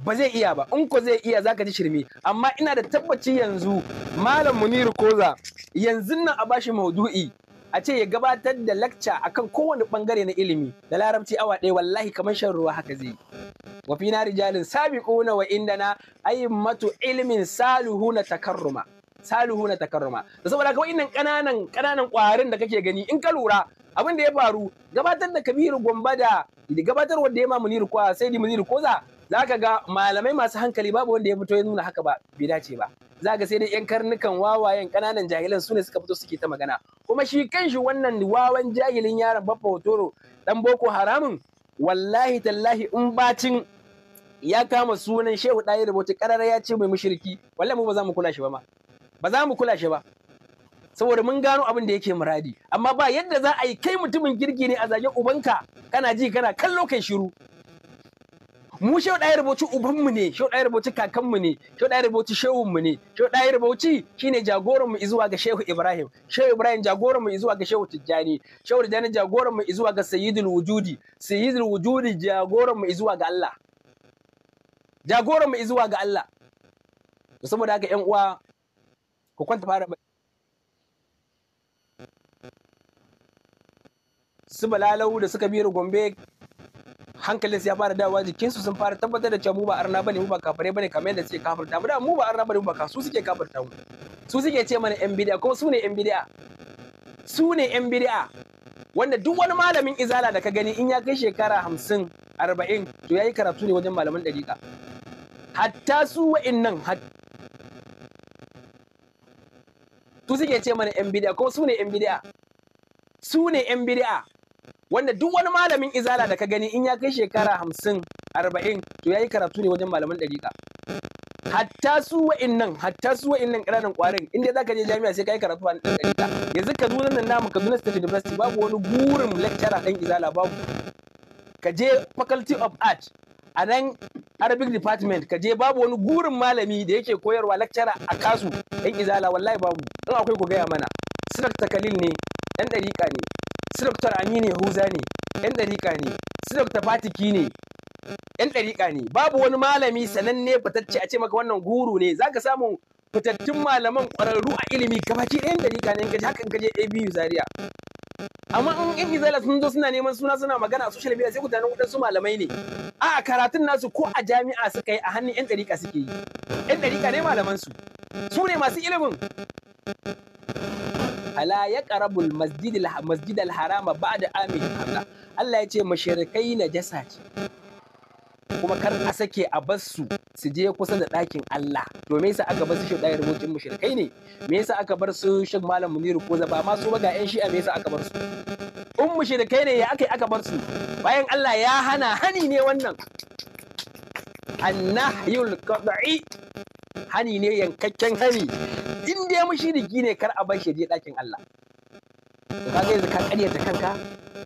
ba zai iya ba in ko zai iya zaka ji shirme amma ina da tabbaci yanzu malam Munir Koza yanzu nan a bashi maudu'i a ce ya gabatar da lakca akan kowane bangare na ilimi da larabci awa ɗaya wallahi kamar shan ruwa haka zai wa fi na rijalin sabiquna wa indana ayyamatu saluhu na takarruma na takarruma da saboda kawai nan ƙananan ƙananan kwarin da kake gani in ka lura abin da ya faru gabatar da kabiru gwamba da gabatar wanda ya ma muniru kwa sai di muniru koza zaka ga malamai masu hankali babu wanda ya fito ya nuna haka ba bai dace ba za ga sai dai yan karnukan wawayen kananan jahilan su ne suka fito suke ta magana kuma shi kanshi wannan wawan jahilin yaron babba hotoro dan boko haramun wallahi tallahi in bacin ya kama sunan shehu ɗaya rubuta karara ya ce mai mushriki wallahi mu ba za mu kula shi ba ma ba za mu kula shi ba saboda mun gano abin da yake muradi amma ba yadda za a yi kai mutumin kirki ne a zage ubanka kana ji kana kallo kai shiru mu shau ɗaya rubuci ubanmu ne shau ɗaya rubuci kakanmu ne shau ɗaya rubuci shehunmu ne shau ɗaya rubuci shine jagoranmu izuwa ga shehu ibrahim shehu ibrahim jagoranmu izuwa ga shehu tijjani shehu tijjani jagoranmu izuwa ga sayyidul wujudi sayyidul wujudi jagoranmu izuwa ga allah jagoranmu izuwa ga allah saboda haka yan uwa ku kwanta fara su balalau da suka biyar gombe hankalinsu ya fara dawowa jikinsu sun fara tabbatar da cewa mu ba arna bane mu ba kafare bane kamar yadda suke kafirta mu da mu ba arna bane mu ba su suke kafirta mu su suke ce mana yan bid'a kuma su ne yan bid'a su ne yan bid'a wanda duk wani malamin izala da ka gani in ya kai shekara hamsin arba'in to ya yi karatu ne wajen malaman dariƙa hatta su wa'innan su suke ce mana yan bid'a kuma su ne yan bid'a su ne yan bid'a wanda duk wani malamin izala da ka gani in ya kai shekara hamsin arba'in to ya yi karatu ne wajen malaman ɗariƙa hatta su wa'innan hatta su wa'innan ƙananan ƙwarin inda za ka je jami'a sai ka yi karatu a ɗan ɗariƙa yanzu ka zo nan namu ka zo na state university babu wani gurin lecturer ɗan izala babu ka je faculty of art a nan arabic department ka je babu wani gurin malami da yake koyarwa lecturer a kasu ɗan izala wallahi babu in akwai ku gaya mana sinar takalil ne ɗan ɗariƙa ne su Dr. Aminu Yahuza ne, ‘yan ɗariƙa ne, su Dr. Fatiki ne, ‘yan ɗariƙa ne, babu wani malami sananne fitacce a ce maka wannan guru ne, za ka samu fitattun malaman ƙwararru a ilimi gabaki ɗayan ɗariƙa ne, gaji ka je ABU Zaria. Amma in ‘yan Izala sun zo suna neman suna suna magana a social media sai ku tunanin waɗansu malamai ne. A'a karatun nasu ko a jami'a suka yi a hannun ‘yan ɗariƙa suke yi. ‘Yan ɗariƙa ne malamansu. Su ne masu ilimin. ala ya qarabul masjidil masjidal harama da amin hada Allah ya ce na jasa ce kuma kar a sake a basu su je kusa da ɗakin Allah to me yasa aka bar su shi ɗayar mukin mushrikai ne me yasa aka bar su shi malam muniru ko zaba ma su ba ga ƴan shi'a me yasa aka bar su in mushrikai ne ya aka aka bar su bayan Allah ya hana hani ne wannan annahyul qad'i hani ne yankakken hani in dai mushriki ne kar a bar shi je ɗakin Allah to kaga yanzu ka ƙaryata kanka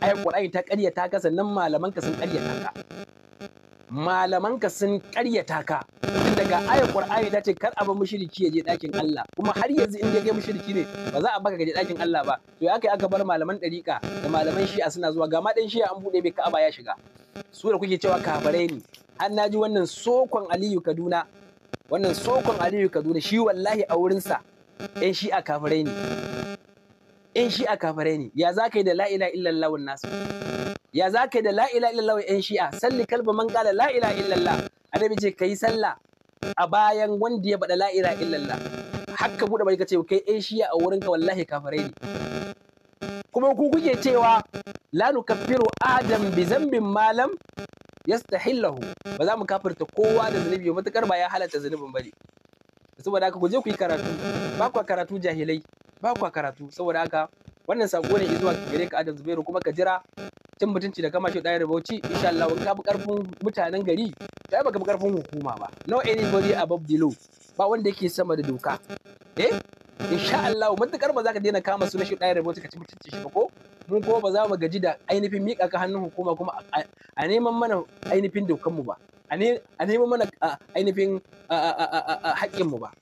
ayar Qur'ani ta ƙaryata ka sannan malaman ka sun ƙaryata ka malaman ka sun ƙaryata ka daga ayar Qur'ani ta ce kar a bar mushriki ya je ɗakin Allah kuma har yanzu in dai mushriki ne ba za a baka ka je ɗakin Allah ba to ya kai aka bar malaman ɗariƙa da malaman shi'a suna zuwa ga ma dan shi'a an buɗe bai ka'aba ya shiga su da kuke cewa kafare ne an naji wannan sokon Aliyu Kaduna wannan sokon aliyu kaduna shi wallahi a wurinsa yan shi a kafirai ne in shi a kafirai ne ya za ka yi da la'ila illallah nasu ya za ka yi da la'ila illallah yan shi'a salli kalba man kala la'ila illallah annabi ce ka yi sallah a bayan wanda ya bada la'ila illallah hakka buɗe bari ka ce kai yan shi'a a wurinka wallahi kafirai ne kuma ku kuke cewa la nukaffiru adam bi zambin malam yastahillahu ba za mu kafirta kowa da zunubi matukar ba ya halatta zunubin bane saboda haka ku je ku yi karatu ba ku karatu jahilai ba ku karatu saboda haka wannan sako ne zuwa gare ka Adam Zubairu kuma ka jira cin mutunci da kama shi da Bauchi insha Allah ka karfin mutanen gari kai baka bi karfin hukuma ba no anybody above the law ba wanda yake sama da doka eh insha Allah matukar ba za ka daina kama su na shi da Bauchi ka ci mutunci shi ba ko mun kuma ba za mu gaji da ainihin miƙa ka hannun hukuma kuma a neman mana ainihin dokanmu ba a neman mana ainihin haƙƙinmu ba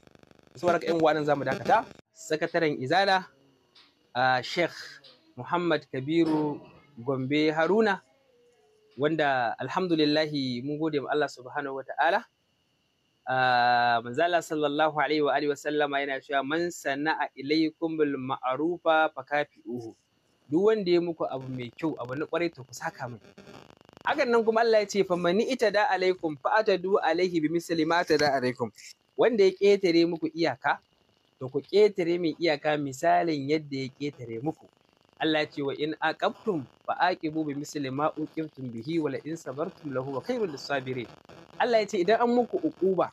saboda ka 'yan uwanan za mu dakata sakataren izala sheikh muhammad kabiru gombe haruna wanda alhamdulillahi mun gode ma Allah subhanahu wa ta'ala manzala sallallahu alaihi wa alihi wa sallama yana cewa man sana'a ilaykum bil ma'rufa uhu. duk wanda ya muku abu mai kyau abu na kwarai to ku saka mai hakan nan kuma Allah ya ce fa mani ita da alaikum fa atadu alaihi bi misli ma ta da alaikum wanda ya ketare muku iyaka to ku ketare mai iyaka misalin yadda ya ketare muku Allah ya ce wa in aqabtum fa aqibu bi misli ma uqibtum bihi wala in sabartum lahu wa khairul lisabirin Allah ya ce idan an muku Ukuba,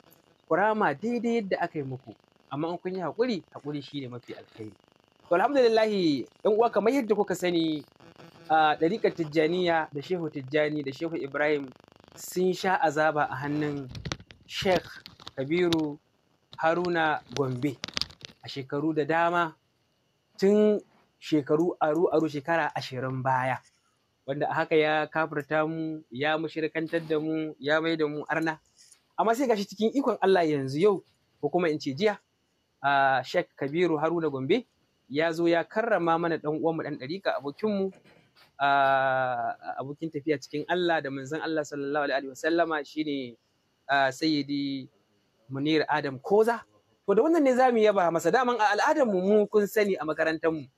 kurama daidai yadda aka yi muku amma in kun yi hakuri hakuri shine mafi alkhairi To alhamdulillahi ɗan uwa kamar yadda kuka sani a ɗariƙar Tijjaniya da Shehu Tijjani da Shehu Ibrahim sun sha azaba a hannun Sheikh Kabiru Haruna Gombe a shekaru da dama tun shekaru aru aru shekara ashirin baya wanda a haka ya kafirta mu ya mushirkantar da mu ya mai da mu arna amma sai gashi cikin ikon Allah yanzu yau ko kuma in ce jiya a Sheikh Kabiru Haruna Gombe ya zo ya karrama mana dan uwanmu dan ɗarika abokinmu abokin tafiya cikin Allah da manzon Allah sallallahu alaihi wasallama shine sayyidi Munir Adam Koza to da wannan ne za mu yaba masa daman a al'adar mu mu kun sani a makarantar mu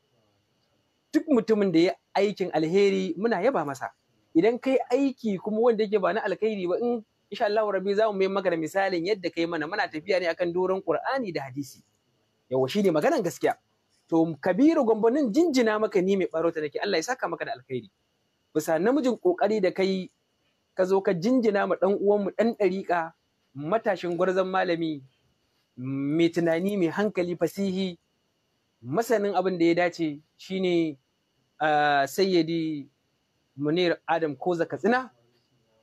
duk mutumin da ya aikin alheri muna yaba masa idan kai aiki kuma wanda yake ba na alkhairi ba in insha Allah rabbi za mu mai magana misalin yadda kai mana muna tafiya ne akan doron Qur'ani da hadisi yawa shine maganan gaskiya to kabiru gwambonin jinjina maka ni mai barota nake Allah ya saka maka da alkhairi bisa namijin kokari da kai ka zo ka jinjina ma dan mu dan dariƙa matashin gwarzon malami mai tunani mai hankali fasihi masanin abin da ya dace shine sayyadi munir adam koza katsina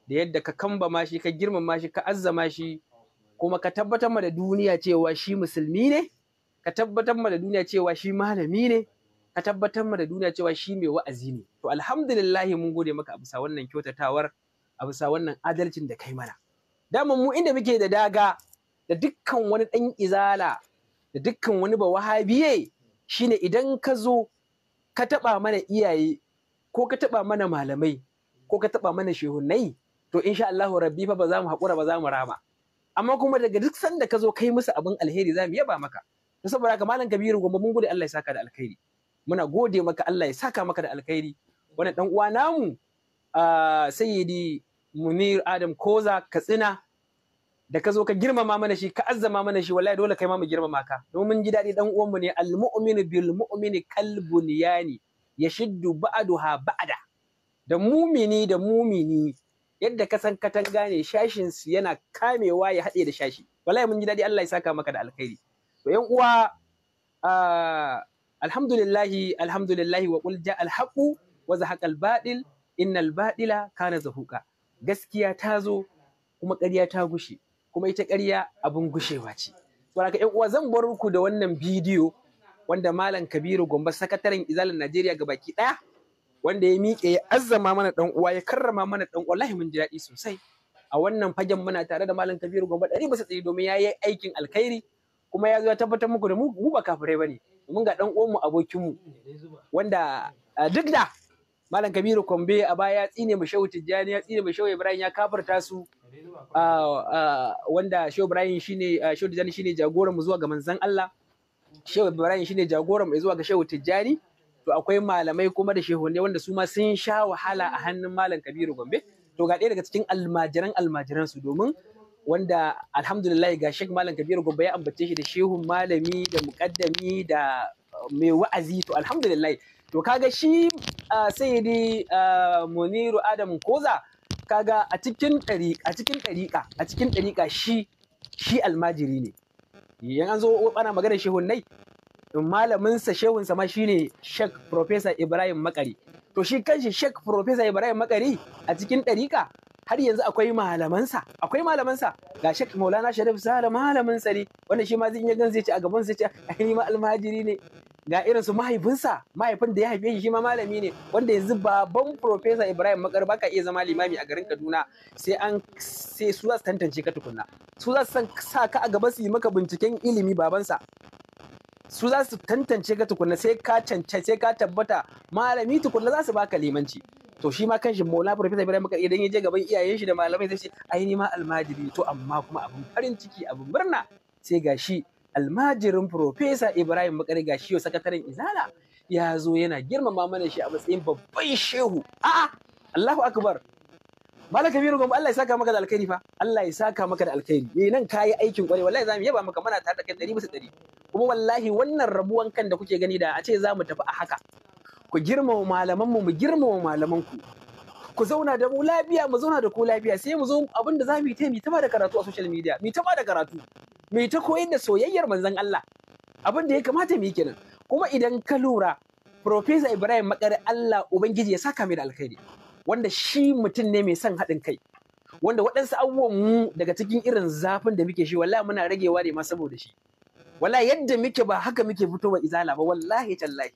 da yadda ka kamba shi ka girmama shi ka azzama shi kuma ka tabbatar ma da duniya cewa shi musulmi ne ka tabbatar ma da duniya cewa shi malami ne ka tabbatar ma da duniya cewa shi mai wa'azi ne to alhamdulillahi mun gode maka a bisa wannan kyautatawar a bisa wannan adalcin da kai mana dama mu inda muke da daga da dukkan wani ɗan izala da dukkan wani ba wahabiye shine idan ka zo ka taɓa mana iyaye ko ka taɓa mana malamai ko ka taba mana shehunai to insha Allahu rabbi fa ba za mu haƙura ba za mu rama amma kuma daga duk sanda ka zo kai musu abin alheri za mu yaba maka to saboda ka malam kabiru gombe mun gode Allah ya saka da alkhairi muna gode maka Allah ya saka maka da alkhairi wannan dan uwa namu sayyidi munir adam koza katsina da ka zo ka girmama mana shi ka azzama mana shi wallahi dole kai ma mu girmama ka domin ji daɗi dan mu ne almu'minu bil mu'mini kalbun yani yashiddu ba'daha ba'da da mumini da mumini yadda ka san katanga ne shashin su yana kamewa ya haɗe da shashi wallahi mun ji daɗi Allah ya saka maka da alkhairi to yan uwa alhamdulillahi alhamdulillahi wa qul ja alhaqu wa zahaqa albatil innal badila kana zahuqa gaskiya ta zo kuma ƙarya ta gushe kuma ita ƙarya abin gushewa ce saboda yan uwa zan bar ku da wannan bidiyo wanda malam Kabiru Gombe sakataren Izalin Najeriya ga baki ɗaya wanda ya miƙe ya azzama mana ɗan uwa ya karrama mana ɗan uwa wallahi mun ji daɗi sosai a wannan fagen muna tare da malam Kabiru Gombe ɗari bisa domin ya yi aikin alkhairi kuma ya zo ya tabbatar muku da mu mu ba kafirai bane mun ga dan uwan mu abokin mu wanda duk da Malam Kabiru Kombe a baya ya tsine mu Shehu Tijjani ya tsine mu Shehu Ibrahim ya kafarta su wanda Shehu Ibrahim shine Shehu Tijjani shine jagoran mu zuwa ga manzon Allah Shehu Ibrahim shine jagoran mu zuwa ga Shehu Tijjani to akwai malamai kuma da Shehu ne wanda su ma sun sha wahala a hannun Malam Kabiru Gombe to ga ɗaya daga cikin almajiran almajiran su domin wanda alhamdulillah ga Sheikh Malam Kabiru gobe ya ambace shi da shehun malami da mukaddami da uh, mai wa'azi to alhamdulillah to kaga shi uh, sayyidi uh, Muniru Adam Koza kaga a cikin dari a cikin dariqa a cikin dariqa shi shi almajiri ne yan an zo ana magana shehun nai malaminsa sa ma shine Sheikh Professor Ibrahim Makari to shi kanshi Sheikh Professor Ibrahim Makari a cikin dariqa har yanzu akwai malamansa akwai malamansa ga shek maulana sharif malamin sa ne wanda shi ma zai iya gan zai ci a gaban zai ce ai ma almajiri ne ga irin su mahaifinsa mahaifin da ya haife shi ma malami ne wanda yanzu baban professor ibrahim makar baka iya zama limami a garin kaduna sai an sai su za su tantance ka tukunna su za su sa ka a gaban su yi maka binciken ilimi babansa su za su tantance ka tukunna sai ka cancanta sai ka tabbata malami tukunna za su baka limanci to shi ma kanshi mola profesa Ibrahim Bakar idan ya je gaban iyayen shi da malamai zai ce ai ni ma almajiri to amma kuma abin farin ciki abin murna sai gashi almajirin profesa Ibrahim Bakar gashi yau sakataren Izala ya zo yana girmama mana shi a matsayin babban shehu a'a Allahu akbar Malam Kabiru gwamnati Allah ya saka maka da alkhairi fa Allah ya saka maka da alkhairi me nan kayi aikin kware wallahi zamu yaba maka muna tare da kai 100 bisa 100 kuma wallahi wannan rabuwan kan da kuke gani da a ce zamu tafi a haka ku girmama malaman mu mu girmama malaman ku ku zauna da mu lafiya mu zauna da ku lafiya sai mu zo abin da za mu yi ta mu ta da karatu a social media mu ta da karatu mu ta koyar da soyayyar manzon Allah abin da ya kamata mu yi kenan kuma idan ka lura Profesa Ibrahim makar Allah Ubangiji ya saka mai da alkhairi wanda shi mutum ne mai son haɗin kai wanda waɗansu abubuwan mu daga cikin irin zafin da muke shi wallahi muna ragewa ne ma saboda shi wallahi yadda muke ba haka muke fitowa izala ba wallahi tallahi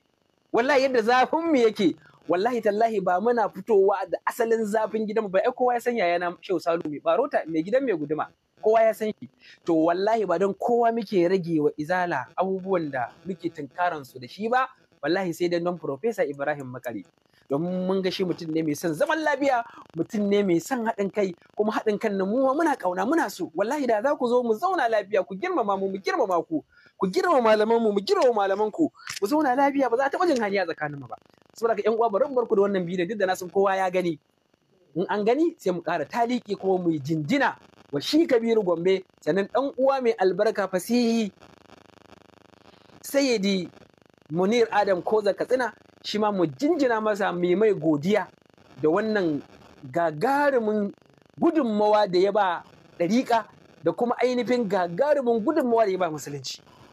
wallahi yadda zafin mu yake wallahi tallahi ba muna fitowa da asalin zafin gidanmu ba ai kowa ya san yayana Shehu Salu mai barota mai gidan mai guduma kowa ya san shi to wallahi ba don kowa muke rage wa izala abubuwan da muke tunkaran su da shi ba wallahi sai dan don Professor Ibrahim Makari Don mun ga shi mutum ne mai son zaman lafiya mutum ne mai son haɗin kai kuma haɗin kan nan mu muna ƙauna muna so wallahi da za ku zo mu zauna lafiya ku girmama mu mu girmama ku ku girma malaman mu mu girma malaman ku mu zauna lafiya ba za ta jin hanya tsakanin mu ba saboda ka yan uwa bari bar barku da wannan bidiyo duk da na kowa ya gani in an gani sai mu ƙara taliki ko mu jinjina wa shi Kabiru Gombe sannan dan uwa mai albarka fasihi Sayyidi Munir Adam Koza Katsina shi ma mu jinjina masa mai mai godiya da wannan gagarumin gudunmawa da ya ba ɗariƙa da kuma ainihin gagarumin gudunmawa da ya ba musulunci.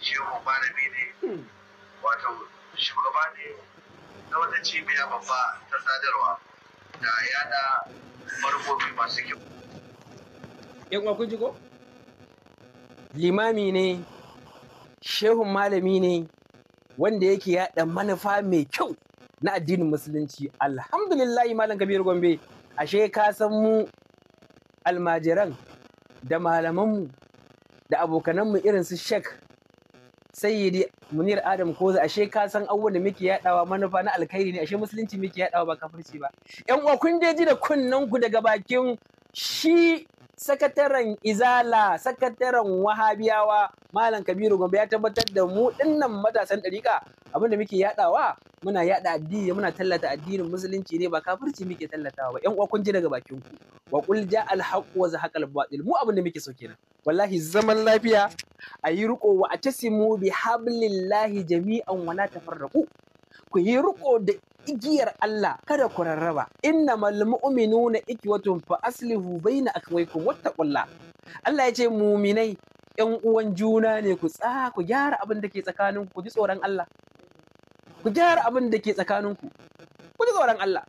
shehu malami ne hmm. wato shugaba ne na wata cibiya babba ta sadarwa da yada marubobi masu kyau yan ko limami ne shehun malami ne wanda yake yaɗa manufa mai kyau na addinin musulunci alhamdulillahi malam kabiru gombe ashe ka san mu almajiran da malamanmu da abokananmu irin su shek sayyidi munir adam koza ashe ka san da muke yadawa manufa na alkhairi ne ashe musulunci muke yadawa ba kafirci ba yan uwa kun je ji da kunnen ku daga bakin shi sakataren izala sakataren wahabiyawa malam kabiru gombe ya tabbatar da mu dinnan matasan dariƙa abinda muke yadawa muna yaɗa addini muna tallata addinin musulunci ne ba kafirci muke tallatawa ba yan uwa kun ji daga bakin ku wa qul ja al haqq wa al batil mu abin da muke so kenan wallahi zaman lafiya a yi riko wa atasimu bi hablillahi jami'an wa la tafarraqu ku yi riko da igiyar Allah kada ku rarraba innamal mu'minuna ikwatun fa aslihu baina wata wattaqullah Allah ya ce muminai ‘yan uwan juna ne ku tsaka ku gyara abin da ke tsakaninku, ku ji tsoron Allah ku gyara abin da ke tsakaninku ku ji tsoron Allah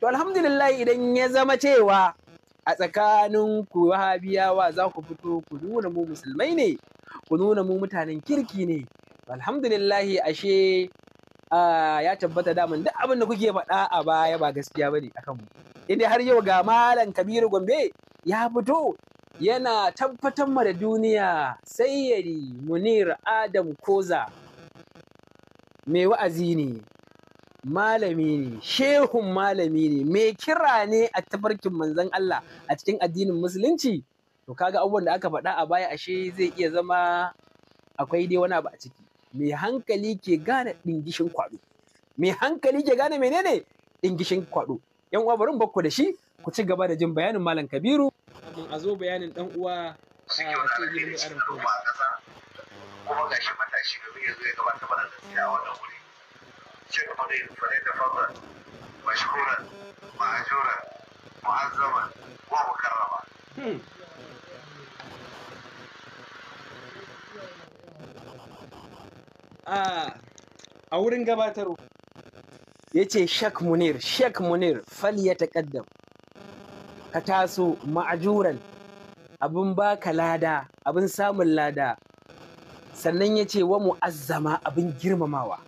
to alhamdulillah idan ya zama cewa a tsakaninku wahabiyawa za ku fito ku nuna mu musulmai ne ku nuna mu mutanen kirki ne alhamdulillah ashe ya tabbata daman duk abin da kuke faɗa a baya ba gaskiya bane akan mu inda har yau ga malam kabiru gombe ya fito yana tabbatar da duniya sayyari munir adam koza mai wa'azi ne malami ne shehun malami ne mai kira ne a tafarkin manzon Allah a cikin addinin musulunci to kaga abubuwan da aka faɗa a baya ashe zai iya zama akwai dai wani abu a ciki mai hankali ke gane ɗingishin kwaɗo mai hankali ke gane menene ɗingishin kwaɗo yan uwa bari bakku da shi ku ci gaba da jin bayanin malam kabiru a zo bayanin dan uwa a sai girmi arin kuma ga shi matashi domin ya zo ya gabata mana gaskiya a wannan wuri shi kuma da yin da fadar mashhuran ma'ajuran ko wa mukarrama hmm. ah, a wurin gabatarwa ya ce shek munir shek munir fal ya taƙaddam ka taso ma'ajuran abin baka lada abin samun lada sannan ya ce wa mu'azzama abin girmamawa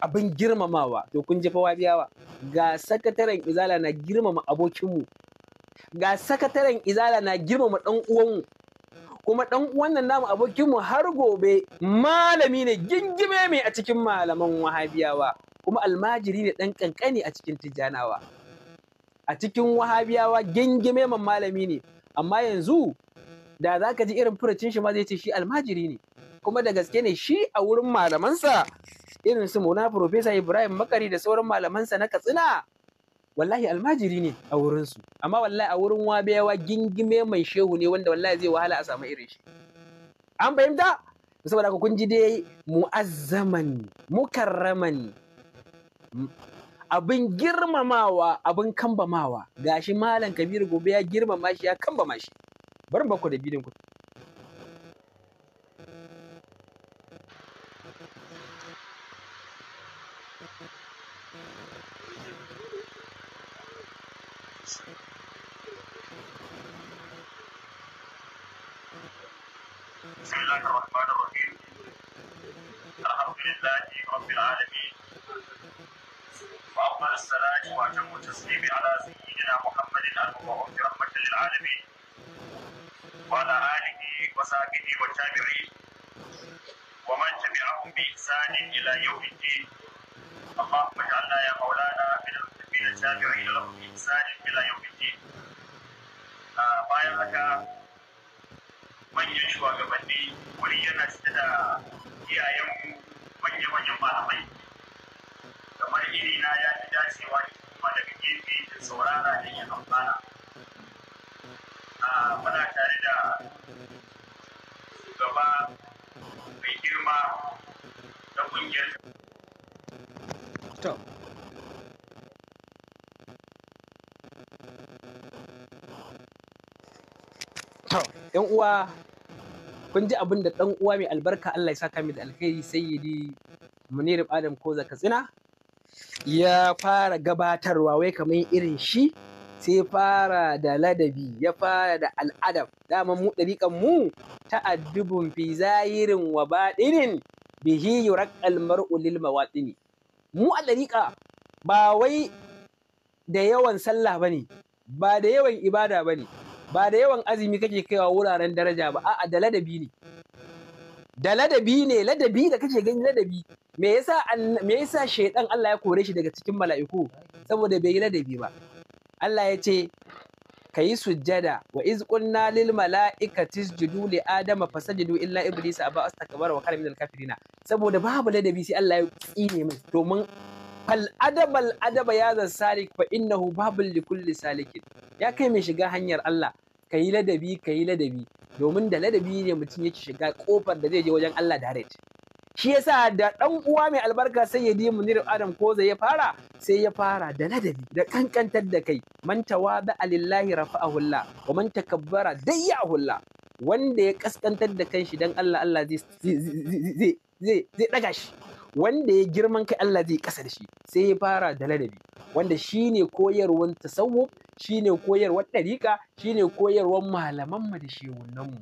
abin girmamawa to kun jefa biyawa? ga sakataren izala na girmama abokinmu ga sakataren izala na girmama dan uwanmu kuma dan uwan nan namu abokinmu har gobe malami ne gingime mai a cikin malaman wahabiyawa kuma almajiri ne ɗan kankani a cikin tijjanawa a cikin wahabiyawa gingime man malami ne amma yanzu da za ka ji irin furucin shi ma zai ce shi almajiri ne kuma da gaske ne shi a wurin malamansa irin su Mona Profesa Ibrahim Makari da sauran malamansa na Katsina wallahi almajiri ne a wurinsu amma wallahi a wurin wabewa gingime mai shehu ne wanda wallahi zai wahala a samu irin shi an fahimta saboda haka kun ji dai mu'azzaman mukarraman abin girmamawa abin kambamawa gashi malam kabiru gobe ya girmama shi ya kambama shi bari ba da bidin ku kun ji abin da ɗan uwa mai albarka Allah ya saka mai da alkhairi sayyidi munir adam ko katsina ya fara gabatarwa wai kamar irin shi sai fara da ladabi ya fara da al'adab dama mu dariƙan mu addubun fi zahirin wa baɗinin bihi yuraqqal mar'u lil mawatini mu a ɗariƙa ba wai da yawan sallah bane ba da yawan ibada bane ba da yawan azumi kake kaiwa wuraren daraja ba a'a da ladabi ne da ladabi ne ladabi da kake gani ladabi me yasa me yasa shaydan Allah ya kore shi daga cikin mala'iku saboda bai yi ladabi ba Allah ya ce ka yi sujjada wa iz qulna lil mala'ikati isjudu li adama fasajadu illa iblis aba astakbara wa kana minal kafirina saboda babu ladabi sai Allah ya tsine mai domin fal adabal adaba ya zan salik fa innahu babul li kulli salikin ya kai mai shiga hanyar Allah ka yi ladabi ka yi ladabi domin da ladabi ne mutum yake shiga kofar da zai je wajen Allah da direct shi yasa da dan uwa mai albarka sai ya dimu nir adam ko zai ya fara sai ya fara da ladabi da kankantar da kai man tawada alillahi rafa'ahullah wa man takabbara dayyahullah wanda ya kaskantar da kanshi dan Allah Allah zai zai zai daga shi wanda ya girman kai Allah zai kasa da shi sai ya fara da ladabi wanda shine koyarwar tasawuf shine koyarwar ɗariƙa shine koyarwar malaman mu da shehunan mu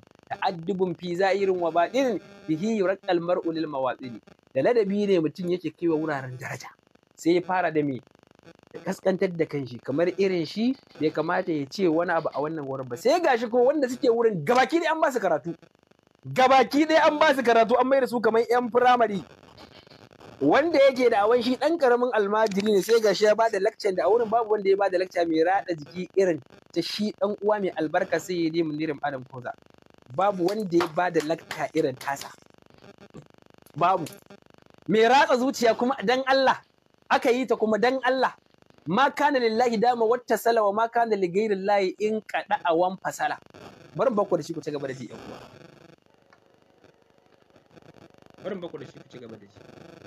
addubun fi za'irin wa baɗin bihi yurqal mar'u lil mawaqini da ladabi ne mutum yake kaiwa wuraren daraja sai ya fara da me da kaskantar da kanshi kamar irin shi bai kamata ya ce wani abu a wannan wurin ba sai gashi ko wanda suke wurin gabaki dai an ba su karatu gabaki ɗaya an ba su karatu an mai da su kamar 'yan firamare wanda yake da awon shi dan karamin almajiri ne sai gashi ya da lecture da a wurin babu wanda ya ba da lecture mai rada jiki irin ta shi dan uwa mai albarka sai ya nemi munirin adam koza babu wanda ya ba da lecture irin tasa babu mai ratsa zuciya kuma dan Allah aka yi ta kuma dan Allah ma kana lillahi dama wata sala wa ma kana li ghairillahi in kada wan fasala bari bakwa da shi ku ci gaba da ji yan uwa bari bakwa da shi ku ci gaba da ji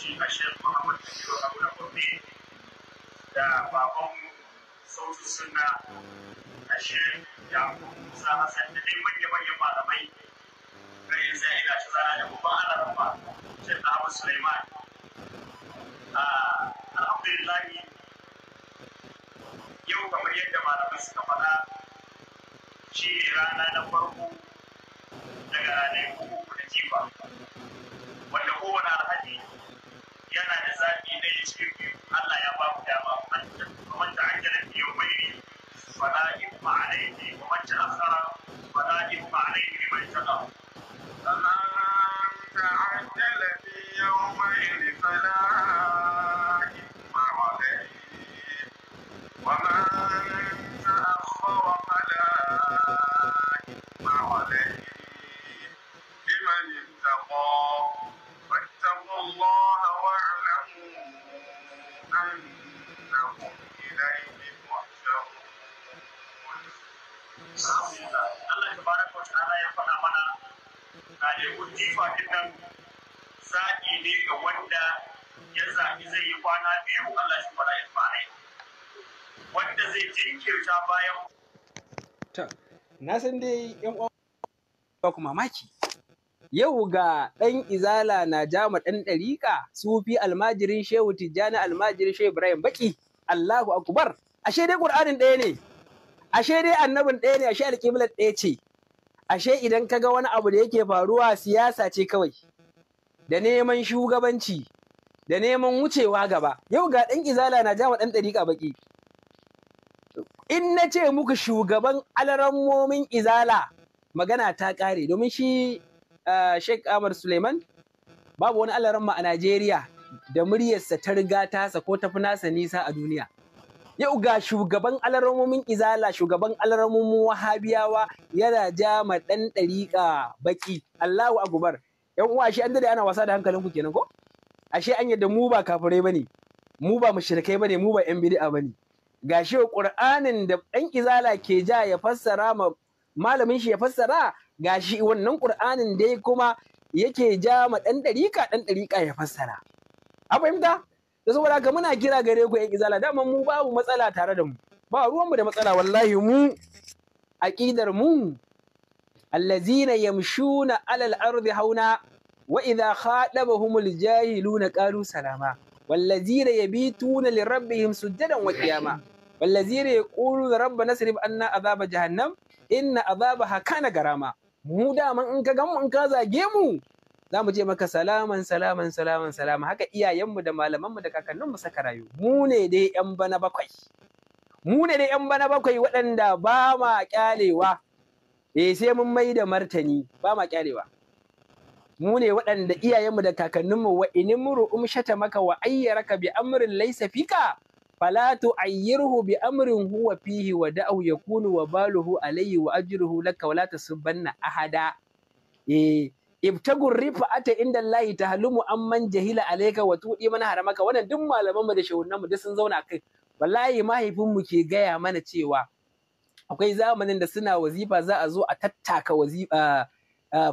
shi a shi abu na da baban sautu suna ya musa hasan da dai manya-manyan malamai sai ina zana da ba suleiman ah, yau kamar yadda malamai suka faɗa shi ne rana farko daga ranar uku da wanda yana da zafi na yi shirki Allah ya ba mu dama man ta hanyar biyu mai fala in ma alaihi wa man ta asara fala in ma alaihi liman istifa din nan zaɓi ne ga wanda ya zaɓi zai yi kwana biyu Allah shi fara ya fara wanda zai jinkirta bayan to na san dai yan uwa ba ku mamaki yau ga ɗan izala na jama ɗan ɗariƙa sufi almajirin shehu tijjani almajirin shehu ibrahim baki allahu Akubar, ashe dai ƙur'anin ɗaya ne ashe dai annabin ɗaya ne ashe alƙiblar ɗaya ce ashe idan ka ga wani abu da yake faruwa siyasa ce kawai da neman shugabanci da neman wucewa gaba yau ga ɗan izala na jama ɗan ɗariƙa baƙi in na ce muku shugaban alarammomin izala magana ta ƙare domin shi Sheikh Amar Suleiman babu wani alaramma a Najeriya da muryarsa ta riga tasa ko tafi nasa nisa a duniya. yau ga shugaban alaramomin izala shugaban alaramomin wahabiyawa yana ja ma ɗan dariƙa baki Allahu akbar yan uwa shi an dade ana wasa da hankalin ku kenan ko ashe an yadda mu ba kafirai bane mu ba mushrikai bane mu ba yan bid'a bane gashi qur'anin da ɗan izala ke ja ya fassara ma malamin shi ya fassara gashi wannan qur'anin dai kuma yake ja ma ɗan dariƙa, ɗan dariƙa ya fassara a fahimta da saboda haka muna kira gare ku yan izala dama mu babu matsala tare da mu ba ruwanmu da matsala wallahi mu aqidar mu allazina yamshuna alal ardi hauna wa idha khadabahumul jahiluna qalu salama wallazina yabituna lirabbihim sujadan wa qiyama wallazina yaquluna rabbana srif anna azaba jahannam inna azabaha kana garama mu daman in ka gamu in ka zage mu za mu je maka salaman salaman salaman salaman. haka iyayenmu da malamanmu da kakanninmu saka rayu mu ne dai yan bana bakwai mu ne dai yan bana bakwai waɗanda ba ma kyalewa eh sai mun mai da martani ba ma kyalewa mu ne waɗanda iyayenmu da kakanninmu wa muru umshata maka wa ayyaraka bi amrin laysa fika fala tu'ayyirhu bi amrin huwa fihi wa da'u yakunu wa baluhu alayhi wa ajruhu laka wa ahada eh ibtagur ata inda Allah tahlumu man jahila alayka wa tudi mana haramaka wannan duk malaman mu da shehunan mu duk sun zauna kai wallahi mahaifin mu ke gaya mana cewa akwai zamanin da suna wazifa za a zo a tattaka wazifa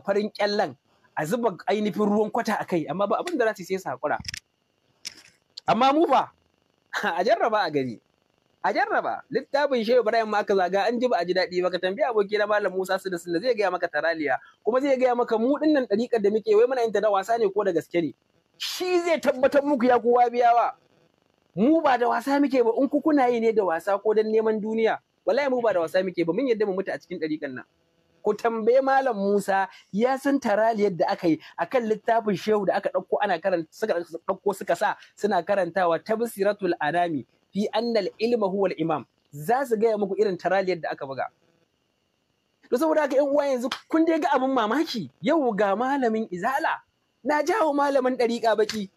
farin kyallan a zuba ainihin ruwan kwata a kai amma ba abin da za su sai su hakura amma mu fa <laughs> a jarraba a gani a jarraba littafin shehu ibrahim ma aka zaga an ji ba a ji daɗi ba ka tambaya aboki na malam musa su da sunna zai gaya maka taraliya kuma zai gaya maka mu dinnan ɗariƙar da muke wai muna yin ta da wasa ne ko da gaske ne shi zai tabbatar muku ya kowa biyawa mu ba da wasa muke ba in ku kuna yi ne da wasa ko don neman duniya wallahi mu ba da wasa muke ba mun yadda mu mutu a cikin ɗariƙan nan ku tambaye malam Musa ya san taraliyar da aka yi akan littafin shehu da aka ɗauko ana karanta suka ɗauko suka sa suna karantawa tabsiratul anami fi annal ilma huwal imam za su gaya muku irin taraliyar da aka buga to saboda haka yan uwa yanzu kun dai ga abin mamaki yau ga malamin izala na jawo malamin dariƙa baki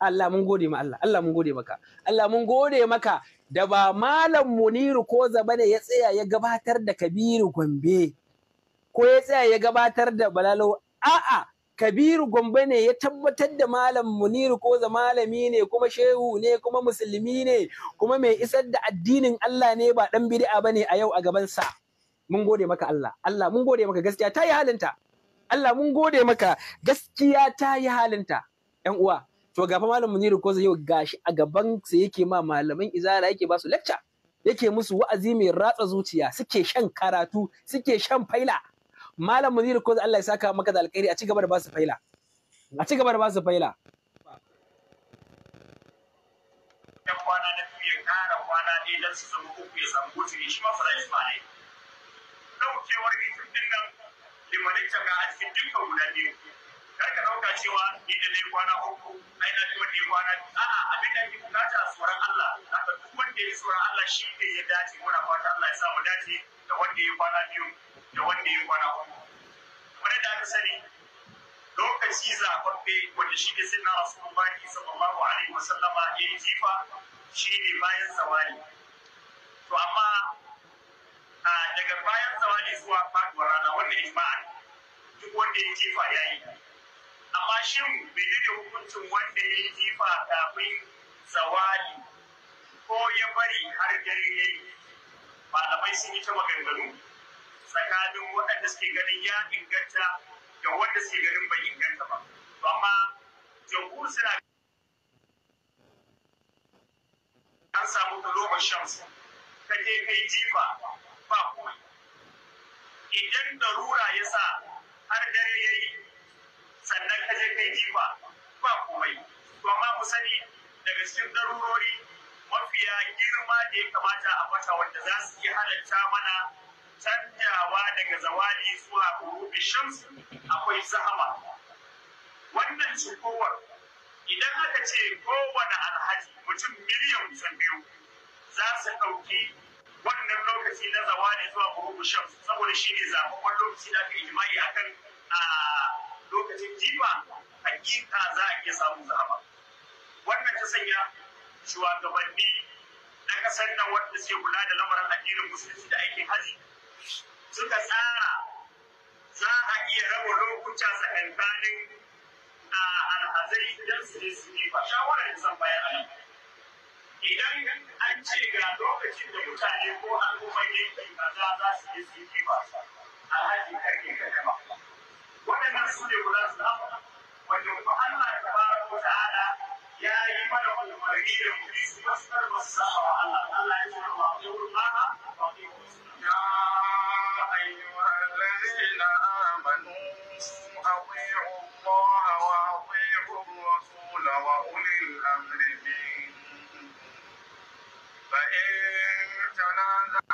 Allah mun gode ma Allah Allah mun gode maka Allah mun gode maka da ba malam Muniru ko Zabane ne ya tsaya ya gabatar da Kabiru Gombe ko ya tsaya ya gabatar da Balalo a'a kabiru gombe ne ya tabbatar da malam muniru ko za malami ne kuma shehu ne kuma musulmi ne kuma mai isar da addinin Allah ne ba dan bid'a bane a yau a gaban sa mun gode maka Allah Allah mun gode maka gaskiya ta yi halinta Allah mun gode maka gaskiya ta yi halinta yan uwa to gafa malam muniru ko yau gashi a gaban sa yake ma malaman izara yake ba su lecture yake musu wa'azi mai ratsa zuciya suke shan karatu suke shan faila malam Muniru ko Allah ya saka maka da alkhairi a ci gaba da ba su faila a ci gaba da ba su faila yan kwana na biyu kara kwana ne don su zama uku ya samu gutu shi ma fara isma ne ɗaukewar rikin nan limanin ga a cikin dukkan guda biyu kar ka dauka cewa ni da ne kwana uku ai na ji wani kwana a'a abin da ake bukata tsoron Allah haka duk wanda ya tsoron Allah shi ne ya dace muna fata Allah ya sa mu dace da wanda ya kwana biyu da wanda ya kwana uku wani da aka sani lokaci zaɓaɓɓe wanda shi ne sai na rasulullahi sallallahu alaihi sallama ya yi jifa shi ne bayan zawali to amma daga bayan zawali zuwa faɗuwar rana wannan ijma'a duk wanda ya jifa ya yi amma shin da hukuncin wanda ya yi jifa kafin zawali ko ya bari har dare ya yi malamai sun yi ta maganganu tsakanin waɗanda suke ganin ya inganta da wanda suke ganin bai inganta ba amma jamhur suna an samu da roman shamsu ka je kai jifa ba kuma idan darura ya sa har dare ya yi sannan ka je kai jifa ba komai to amma mu sani daga cikin darurori mafiya girma da ya kamata a mata wanda za su iya halatta mana canjawa daga zawali zuwa gurubi shams akwai zahama wannan cikowar idan aka ce kowane alhaji mutum miliyan kusan biyu za su ɗauki wannan lokaci na zawali zuwa gurubi shams saboda shi ne zaɓaɓɓen lokaci da aka jima'i akan a lokacin jifa hakika za a iya samun zama wannan ta sanya shugabanni na kasar nan wanda suke kula da lamarin addinin musulunci da aikin haji suka tsara za a iya raba lokuta tsakankanin a alhazari idan su ne su jifa shawarar da zan bayar a nan idan an ce ga lokacin da mutane ko al'ummar yankin kaza za su je su jifa alhaji karke ka waɗannan su ne guda su zama wanda kuma Allah ta bara ko ta'ala ya yi mana umarni da mu bi su masu masu saba wa Allah Allah ya ce wa ku mama wa ku ya ayyuhal ladina amanu أطيعوا الله وأطيعوا الرسول وأولي الأمر منكم فإن تنازعوا